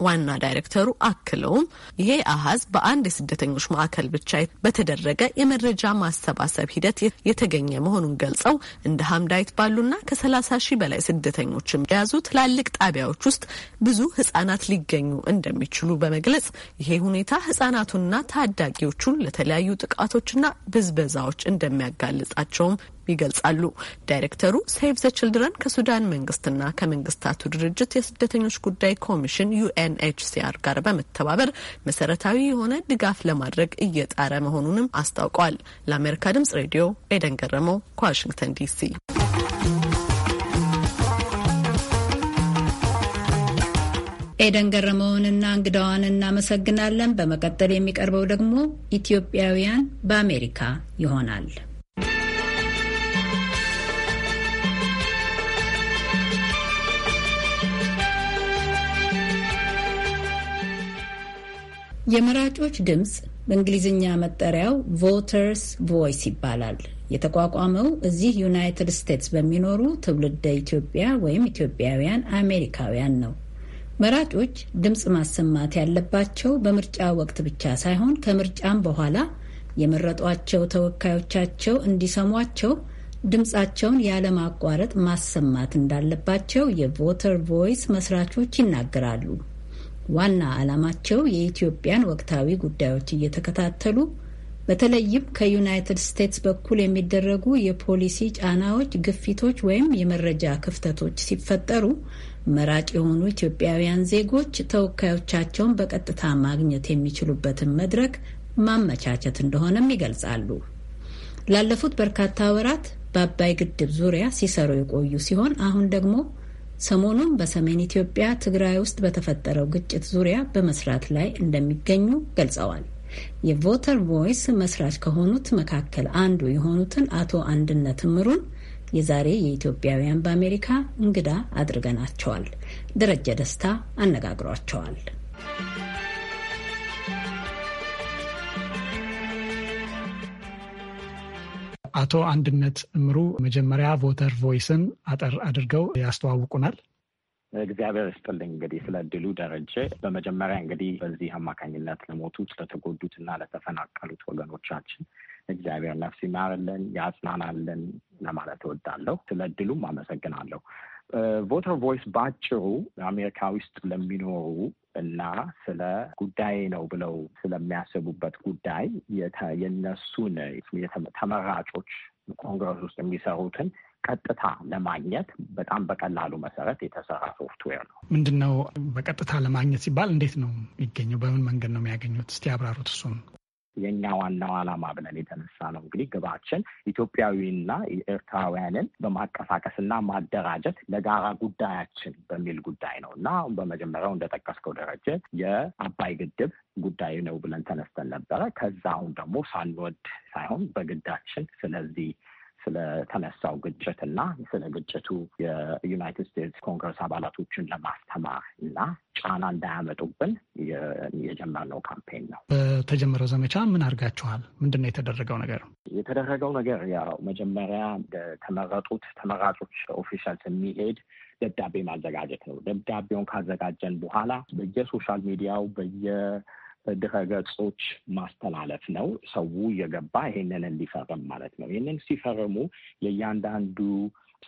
ዋና ዳይሬክተሩ አክለውም ይሄ አሀዝ በአንድ የስደተኞች ማዕከል ብቻ በተደረገ የመረጃ ማሰባሰብ ሂደት የተገኘ መሆኑን ገልጸው እንደ ሀምዳይት ባሉና ከሰላሳ ሺህ በላይ ስደተኞችም የያዙ ትላልቅ ጣቢያዎች ውስጥ ብዙ ህጻናት ሊገኙ እንደሚችሉ በመግለጽ ይሄ ሁኔታ ህጻናቱንና ታዳጊዎቹን ለተለያዩ ጥቃቶችና ብዝበዛዎች እንደሚያጋልጻቸውም ይገልጻሉ። ዳይሬክተሩ ሴቭ ዘ ችልድረን ከሱዳን መንግስትና ከመንግስታቱ ድርጅት የስደተኞች ጉዳይ ኮሚሽን ዩኤንኤችሲአር ጋር በመተባበር መሰረታዊ የሆነ ድጋፍ ለማድረግ እየጣረ መሆኑንም አስታውቋል። ለአሜሪካ ድምጽ ሬዲዮ ኤደን ገረመው ከዋሽንግተን ዲሲ። ኤደን ገረመውንና እንግዳዋን እናመሰግናለን። በመቀጠል የሚቀርበው ደግሞ ኢትዮጵያውያን በአሜሪካ ይሆናል። የመራጮች ድምፅ በእንግሊዝኛ መጠሪያው ቮተርስ ቮይስ ይባላል። የተቋቋመው እዚህ ዩናይትድ ስቴትስ በሚኖሩ ትውልደ ኢትዮጵያ ወይም ኢትዮጵያውያን አሜሪካውያን ነው። መራጮች ድምፅ ማሰማት ያለባቸው በምርጫ ወቅት ብቻ ሳይሆን ከምርጫም በኋላ የመረጧቸው ተወካዮቻቸው እንዲሰሟቸው ድምፃቸውን ያለማቋረጥ ማሰማት እንዳለባቸው የቮተር ቮይስ መስራቾች ይናገራሉ። ዋና ዓላማቸው የኢትዮጵያን ወቅታዊ ጉዳዮች እየተከታተሉ በተለይም ከዩናይትድ ስቴትስ በኩል የሚደረጉ የፖሊሲ ጫናዎች፣ ግፊቶች ወይም የመረጃ ክፍተቶች ሲፈጠሩ መራጭ የሆኑ ኢትዮጵያውያን ዜጎች ተወካዮቻቸውን በቀጥታ ማግኘት የሚችሉበትን መድረክ ማመቻቸት እንደሆነም ይገልጻሉ። ላለፉት በርካታ ወራት በአባይ ግድብ ዙሪያ ሲሰሩ የቆዩ ሲሆን አሁን ደግሞ ሰሞኑን በሰሜን ኢትዮጵያ ትግራይ ውስጥ በተፈጠረው ግጭት ዙሪያ በመስራት ላይ እንደሚገኙ ገልጸዋል። የቮተር ቮይስ መስራች ከሆኑት መካከል አንዱ የሆኑትን አቶ አንድነት ምሩን የዛሬ የኢትዮጵያውያን በአሜሪካ እንግዳ አድርገናቸዋል። ደረጀ ደስታ አነጋግሯቸዋል። አቶ አንድነት እምሩ መጀመሪያ ቮተር ቮይስን አጠር አድርገው ያስተዋውቁናል። እግዚአብሔር ይስጥልኝ እንግዲህ ስለ ድሉ ደረጀ። በመጀመሪያ እንግዲህ በዚህ አማካኝነት ለሞቱት ለተጎዱትና ለተፈናቀሉት ወገኖቻችን እግዚአብሔር ነፍስ ይማርልን ያጽናናልን ለማለት እወዳለሁ። ስለ ድሉም አመሰግናለሁ። ቮተር ቮይስ በአጭሩ አሜሪካ ውስጥ ለሚኖሩ እና ስለ ጉዳይ ነው ብለው ስለሚያስቡበት ጉዳይ የነሱን ተመራጮች ኮንግረስ ውስጥ የሚሰሩትን ቀጥታ ለማግኘት በጣም በቀላሉ መሰረት የተሰራ ሶፍትዌር ነው። ምንድን ነው በቀጥታ ለማግኘት ሲባል እንዴት ነው የሚገኘው? በምን መንገድ ነው የሚያገኙት? እስቲ አብራሩት እሱን። የእኛ ዋናው ዓላማ ብለን የተነሳ ነው። እንግዲህ ግባችን ኢትዮጵያዊና ኤርትራውያንን በማቀሳቀስና ማደራጀት ለጋራ ጉዳያችን በሚል ጉዳይ ነው እና በመጀመሪያው እንደጠቀስከው ደረጀ የአባይ ግድብ ጉዳይ ነው ብለን ተነስተን ነበረ። ከዛ አሁን ደግሞ ሳንወድ ሳይሆን በግዳችን ስለዚህ ስለተነሳው ግጭት እና ስለ ግጭቱ የዩናይትድ ስቴትስ ኮንግረስ አባላቶችን ለማስተማር እና ጫና እንዳያመጡብን የጀመርነው ካምፔን ነው። በተጀመረው ዘመቻ ምን አድርጋችኋል? ምንድን ነው የተደረገው ነገር? የተደረገው ነገር ያው መጀመሪያ ተመረጡት ተመራጮች ኦፊሻል የሚሄድ ደብዳቤ ማዘጋጀት ነው። ደብዳቤውን ካዘጋጀን በኋላ በየሶሻል ሚዲያው በየ ድረ-ገጾች ማስተላለፍ ነው። ሰው እየገባ ይሄንን እንዲፈርም ማለት ነው። ይህንን ሲፈርሙ የእያንዳንዱ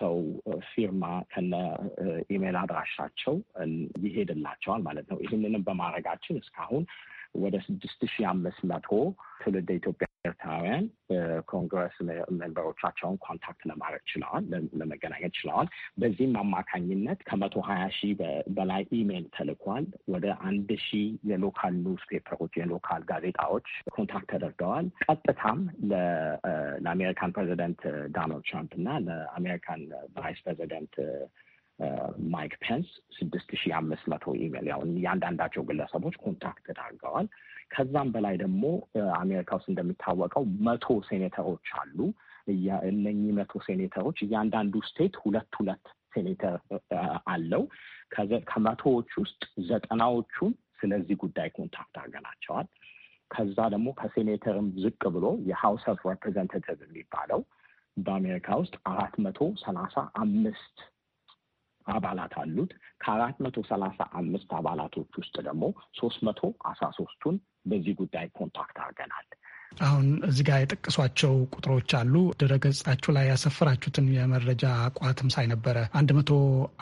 ሰው ፊርማ ከነ ኢሜል አድራሻቸው ይሄድላቸዋል ማለት ነው። ይህንንም በማድረጋችን እስካሁን ወደ ስድስት ሺህ አምስት መቶ ትውልደ ኢትዮጵያ ኤርትራውያን በኮንግረስ ሜምበሮቻቸውን ኮንታክት ለማድረግ ችለዋል፣ ለመገናኘት ችለዋል። በዚህም አማካኝነት ከመቶ ሀያ ሺህ በላይ ኢሜይል ተልኳል። ወደ አንድ ሺህ የሎካል ኒውስ ፔፐሮች፣ የሎካል ጋዜጣዎች ኮንታክት ተደርገዋል። ቀጥታም ለአሜሪካን ፕሬዚደንት ዶናልድ ትራምፕ እና ለአሜሪካን ቫይስ ፕሬዚደንት ማይክ ፔንስ ስድስት ሺ አምስት መቶ ኢሜል ያው እያንዳንዳቸው ግለሰቦች ኮንታክት አድርገዋል። ከዛም በላይ ደግሞ አሜሪካ ውስጥ እንደሚታወቀው መቶ ሴኔተሮች አሉ። እነኚህ መቶ ሴኔተሮች እያንዳንዱ ስቴት ሁለት ሁለት ሴኔተር አለው። ከመቶዎች ውስጥ ዘጠናዎቹን ስለዚህ ጉዳይ ኮንታክት አድርገናቸዋል። ከዛ ደግሞ ከሴኔተርም ዝቅ ብሎ የሃውስ ኦፍ ሬፕሬዘንታቲቭ የሚባለው በአሜሪካ ውስጥ አራት መቶ ሰላሳ አምስት አባላት አሉት። ከአራት መቶ ሰላሳ አምስት አባላቶች ውስጥ ደግሞ ሶስት መቶ አስራ ሶስቱን በዚህ ጉዳይ ኮንታክት አድርገናል። አሁን እዚህ ጋር የጠቀሷቸው ቁጥሮች አሉ። ድረገጻችሁ ላይ ያሰፈራችሁትን የመረጃ ቋትም ሳይ ነበረ አንድ መቶ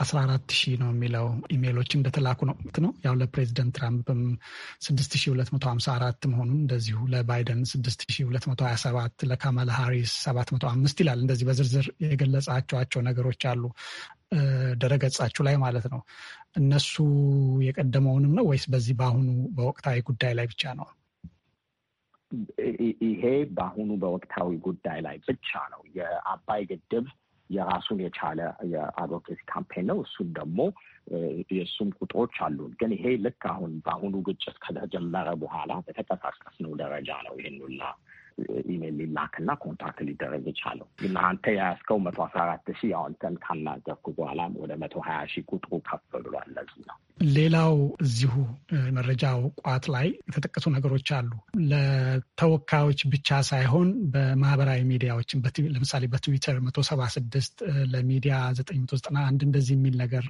አስራ አራት ሺህ ነው የሚለው ኢሜሎች እንደተላኩ ነው ነው ያው ለፕሬዚደንት ትራምፕም ስድስት ሺህ ሁለት መቶ ሀምሳ አራት መሆኑን እንደዚሁ ለባይደን ስድስት ሺህ ሁለት መቶ ሀያ ሰባት ለካማላ ሃሪስ ሰባት መቶ አምስት ይላል። እንደዚህ በዝርዝር የገለጻቸዋቸው ነገሮች አሉ። ድረገጻችሁ ላይ ማለት ነው። እነሱ የቀደመውንም ነው ወይስ በዚህ በአሁኑ በወቅታዊ ጉዳይ ላይ ብቻ ነው? ይሄ በአሁኑ በወቅታዊ ጉዳይ ላይ ብቻ ነው። የአባይ ግድብ የራሱን የቻለ የአድቮኬሲ ካምፔን ነው። እሱም ደግሞ የእሱም ቁጥሮች አሉን። ግን ይሄ ልክ አሁን በአሁኑ ግጭት ከተጀመረ በኋላ በተቀሳቀስነው ደረጃ ነው ይህን ሁላ ኢሜይል ሊላክና ኮንታክት ሊደረግ ይቻለው። እና አንተ የያዝከው መቶ አስራ አራት ሺህ አሁን ካናገርኩ በኋላም ወደ መቶ ሀያ ሺህ ቁጥሩ ከፍ ብሏል። ለዚህ ነው ሌላው እዚሁ መረጃው ቋት ላይ የተጠቀሱ ነገሮች አሉ። ለተወካዮች ብቻ ሳይሆን በማህበራዊ ሚዲያዎች ለምሳሌ በትዊተር 176 ለሚዲያ 991 እንደዚህ የሚል ነገር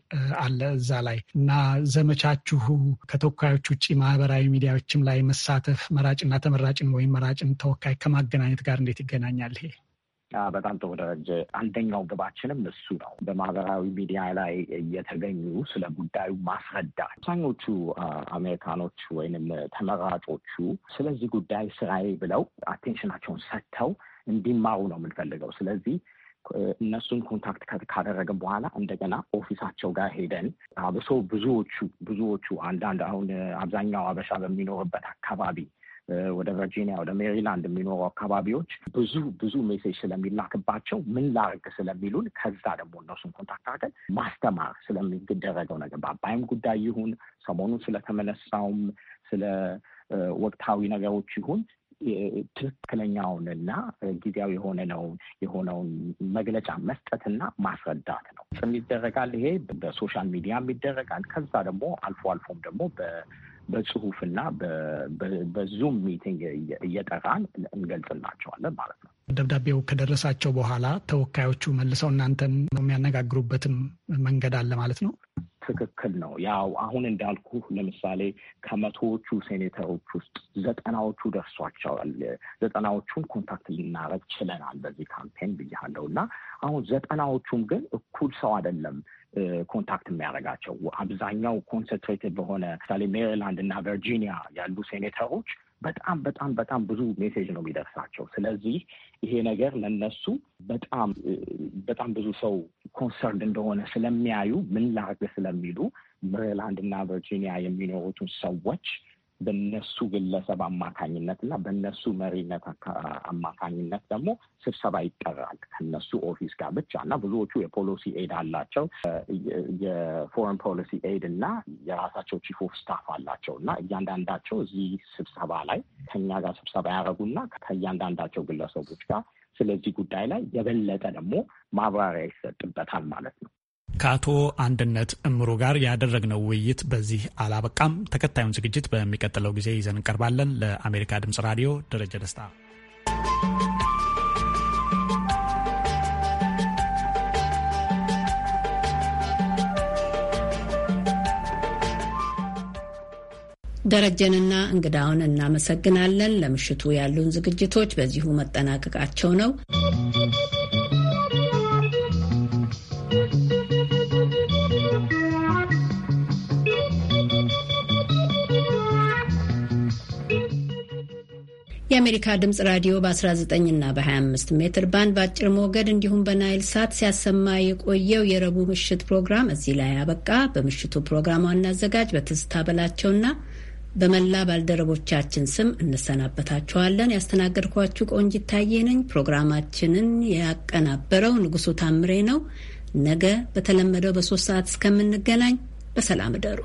አለ እዛ ላይ እና ዘመቻችሁ ከተወካዮች ውጭ ማህበራዊ ሚዲያዎችም ላይ መሳተፍ መራጭና ተመራጭን ወይም መራጭን ተወካይ ከማገናኘት ጋር እንዴት ይገናኛል ይሄ? በጣም ጥሩ ደረጀ። አንደኛው ግባችንም እሱ ነው። በማህበራዊ ሚዲያ ላይ እየተገኙ ስለ ጉዳዩ ማስረዳት። አብዛኞቹ አሜሪካኖች ወይንም ተመራጮቹ ስለዚህ ጉዳይ ስራዬ ብለው አቴንሽናቸውን ሰጥተው እንዲማሩ ነው የምንፈልገው። ስለዚህ እነሱን ኮንታክት ካደረግን በኋላ እንደገና ኦፊሳቸው ጋር ሄደን አብሶ ብዙዎቹ ብዙዎቹ አንዳንድ አሁን አብዛኛው አበሻ በሚኖርበት አካባቢ ወደ ቨርጂኒያ፣ ወደ ሜሪላንድ የሚኖሩ አካባቢዎች ብዙ ብዙ ሜሴጅ ስለሚላክባቸው ምን ላርግ ስለሚሉን ከዛ ደግሞ እነሱን ኮንታክት አድርገን ማስተማር ስለሚደረገው ነገር በአባይም ጉዳይ ይሁን ሰሞኑን ስለተመነሳውም ስለ ወቅታዊ ነገሮች ይሁን ትክክለኛውንና ጊዜያዊ የሆነ ነው የሆነውን መግለጫ መስጠትና ማስረዳት ነው ይደረጋል። ይሄ በሶሻል ሚዲያም ይደረጋል። ከዛ ደግሞ አልፎ አልፎም ደግሞ በጽሁፍና በዙም ሚቲንግ እየጠራን እንገልጽላቸዋለን ማለት ነው። ደብዳቤው ከደረሳቸው በኋላ ተወካዮቹ መልሰው እናንተን የሚያነጋግሩበትም መንገድ አለ ማለት ነው። ትክክል ነው። ያው አሁን እንዳልኩ ለምሳሌ ከመቶዎቹ ሴኔተሮች ውስጥ ዘጠናዎቹ ደርሷቸዋል። ዘጠናዎቹን ኮንታክት ልናረግ ችለናል በዚህ ካምፔን ብያለው እና አሁን ዘጠናዎቹም ግን እኩል ሰው አይደለም ኮንታክት የሚያደርጋቸው አብዛኛው ኮንሰንትሬትድ በሆነ ምሳሌ ሜሪላንድ እና ቨርጂኒያ ያሉ ሴኔተሮች በጣም በጣም በጣም ብዙ ሜሴጅ ነው የሚደርሳቸው። ስለዚህ ይሄ ነገር ለነሱ በጣም በጣም ብዙ ሰው ኮንሰርድ እንደሆነ ስለሚያዩ ምን ላድርግ ስለሚሉ ሜሪላንድ እና ቨርጂኒያ የሚኖሩትን ሰዎች በነሱ ግለሰብ አማካኝነት እና በነሱ መሪነት አማካኝነት ደግሞ ስብሰባ ይጠራል ከነሱ ኦፊስ ጋር ብቻ እና ብዙዎቹ የፖሊሲ ኤድ አላቸው። የፎረን ፖሊሲ ኤድ እና የራሳቸው ቺፍ ኦፍ ስታፍ አላቸው እና እያንዳንዳቸው እዚህ ስብሰባ ላይ ከኛ ጋር ስብሰባ ያደረጉና ከእያንዳንዳቸው ግለሰቦች ጋር ስለዚህ ጉዳይ ላይ የበለጠ ደግሞ ማብራሪያ ይሰጥበታል ማለት ነው። ከአቶ አንድነት እምሩ ጋር ያደረግነው ውይይት በዚህ አላበቃም። ተከታዩን ዝግጅት በሚቀጥለው ጊዜ ይዘን እንቀርባለን። ለአሜሪካ ድምጽ ራዲዮ ደረጀ ደስታ። ደረጀንና እንግዳውን እናመሰግናለን። ለምሽቱ ያሉን ዝግጅቶች በዚሁ መጠናቀቃቸው ነው። የአሜሪካ ድምፅ ራዲዮ በ19 እና በ25 ሜትር ባንድ በአጭር ሞገድ እንዲሁም በናይል ሳት ሲያሰማ የቆየው የረቡዕ ምሽት ፕሮግራም እዚህ ላይ አበቃ። በምሽቱ ፕሮግራም ዋና አዘጋጅ በትዝታ በላቸውና በመላ ባልደረቦቻችን ስም እንሰናበታችኋለን። ያስተናገድኳችሁ ቆንጂት ታዬ ነኝ። ፕሮግራማችንን ያቀናበረው ንጉሱ ታምሬ ነው። ነገ በተለመደው በሶስት ሰዓት እስከምንገናኝ በሰላም እደሩ።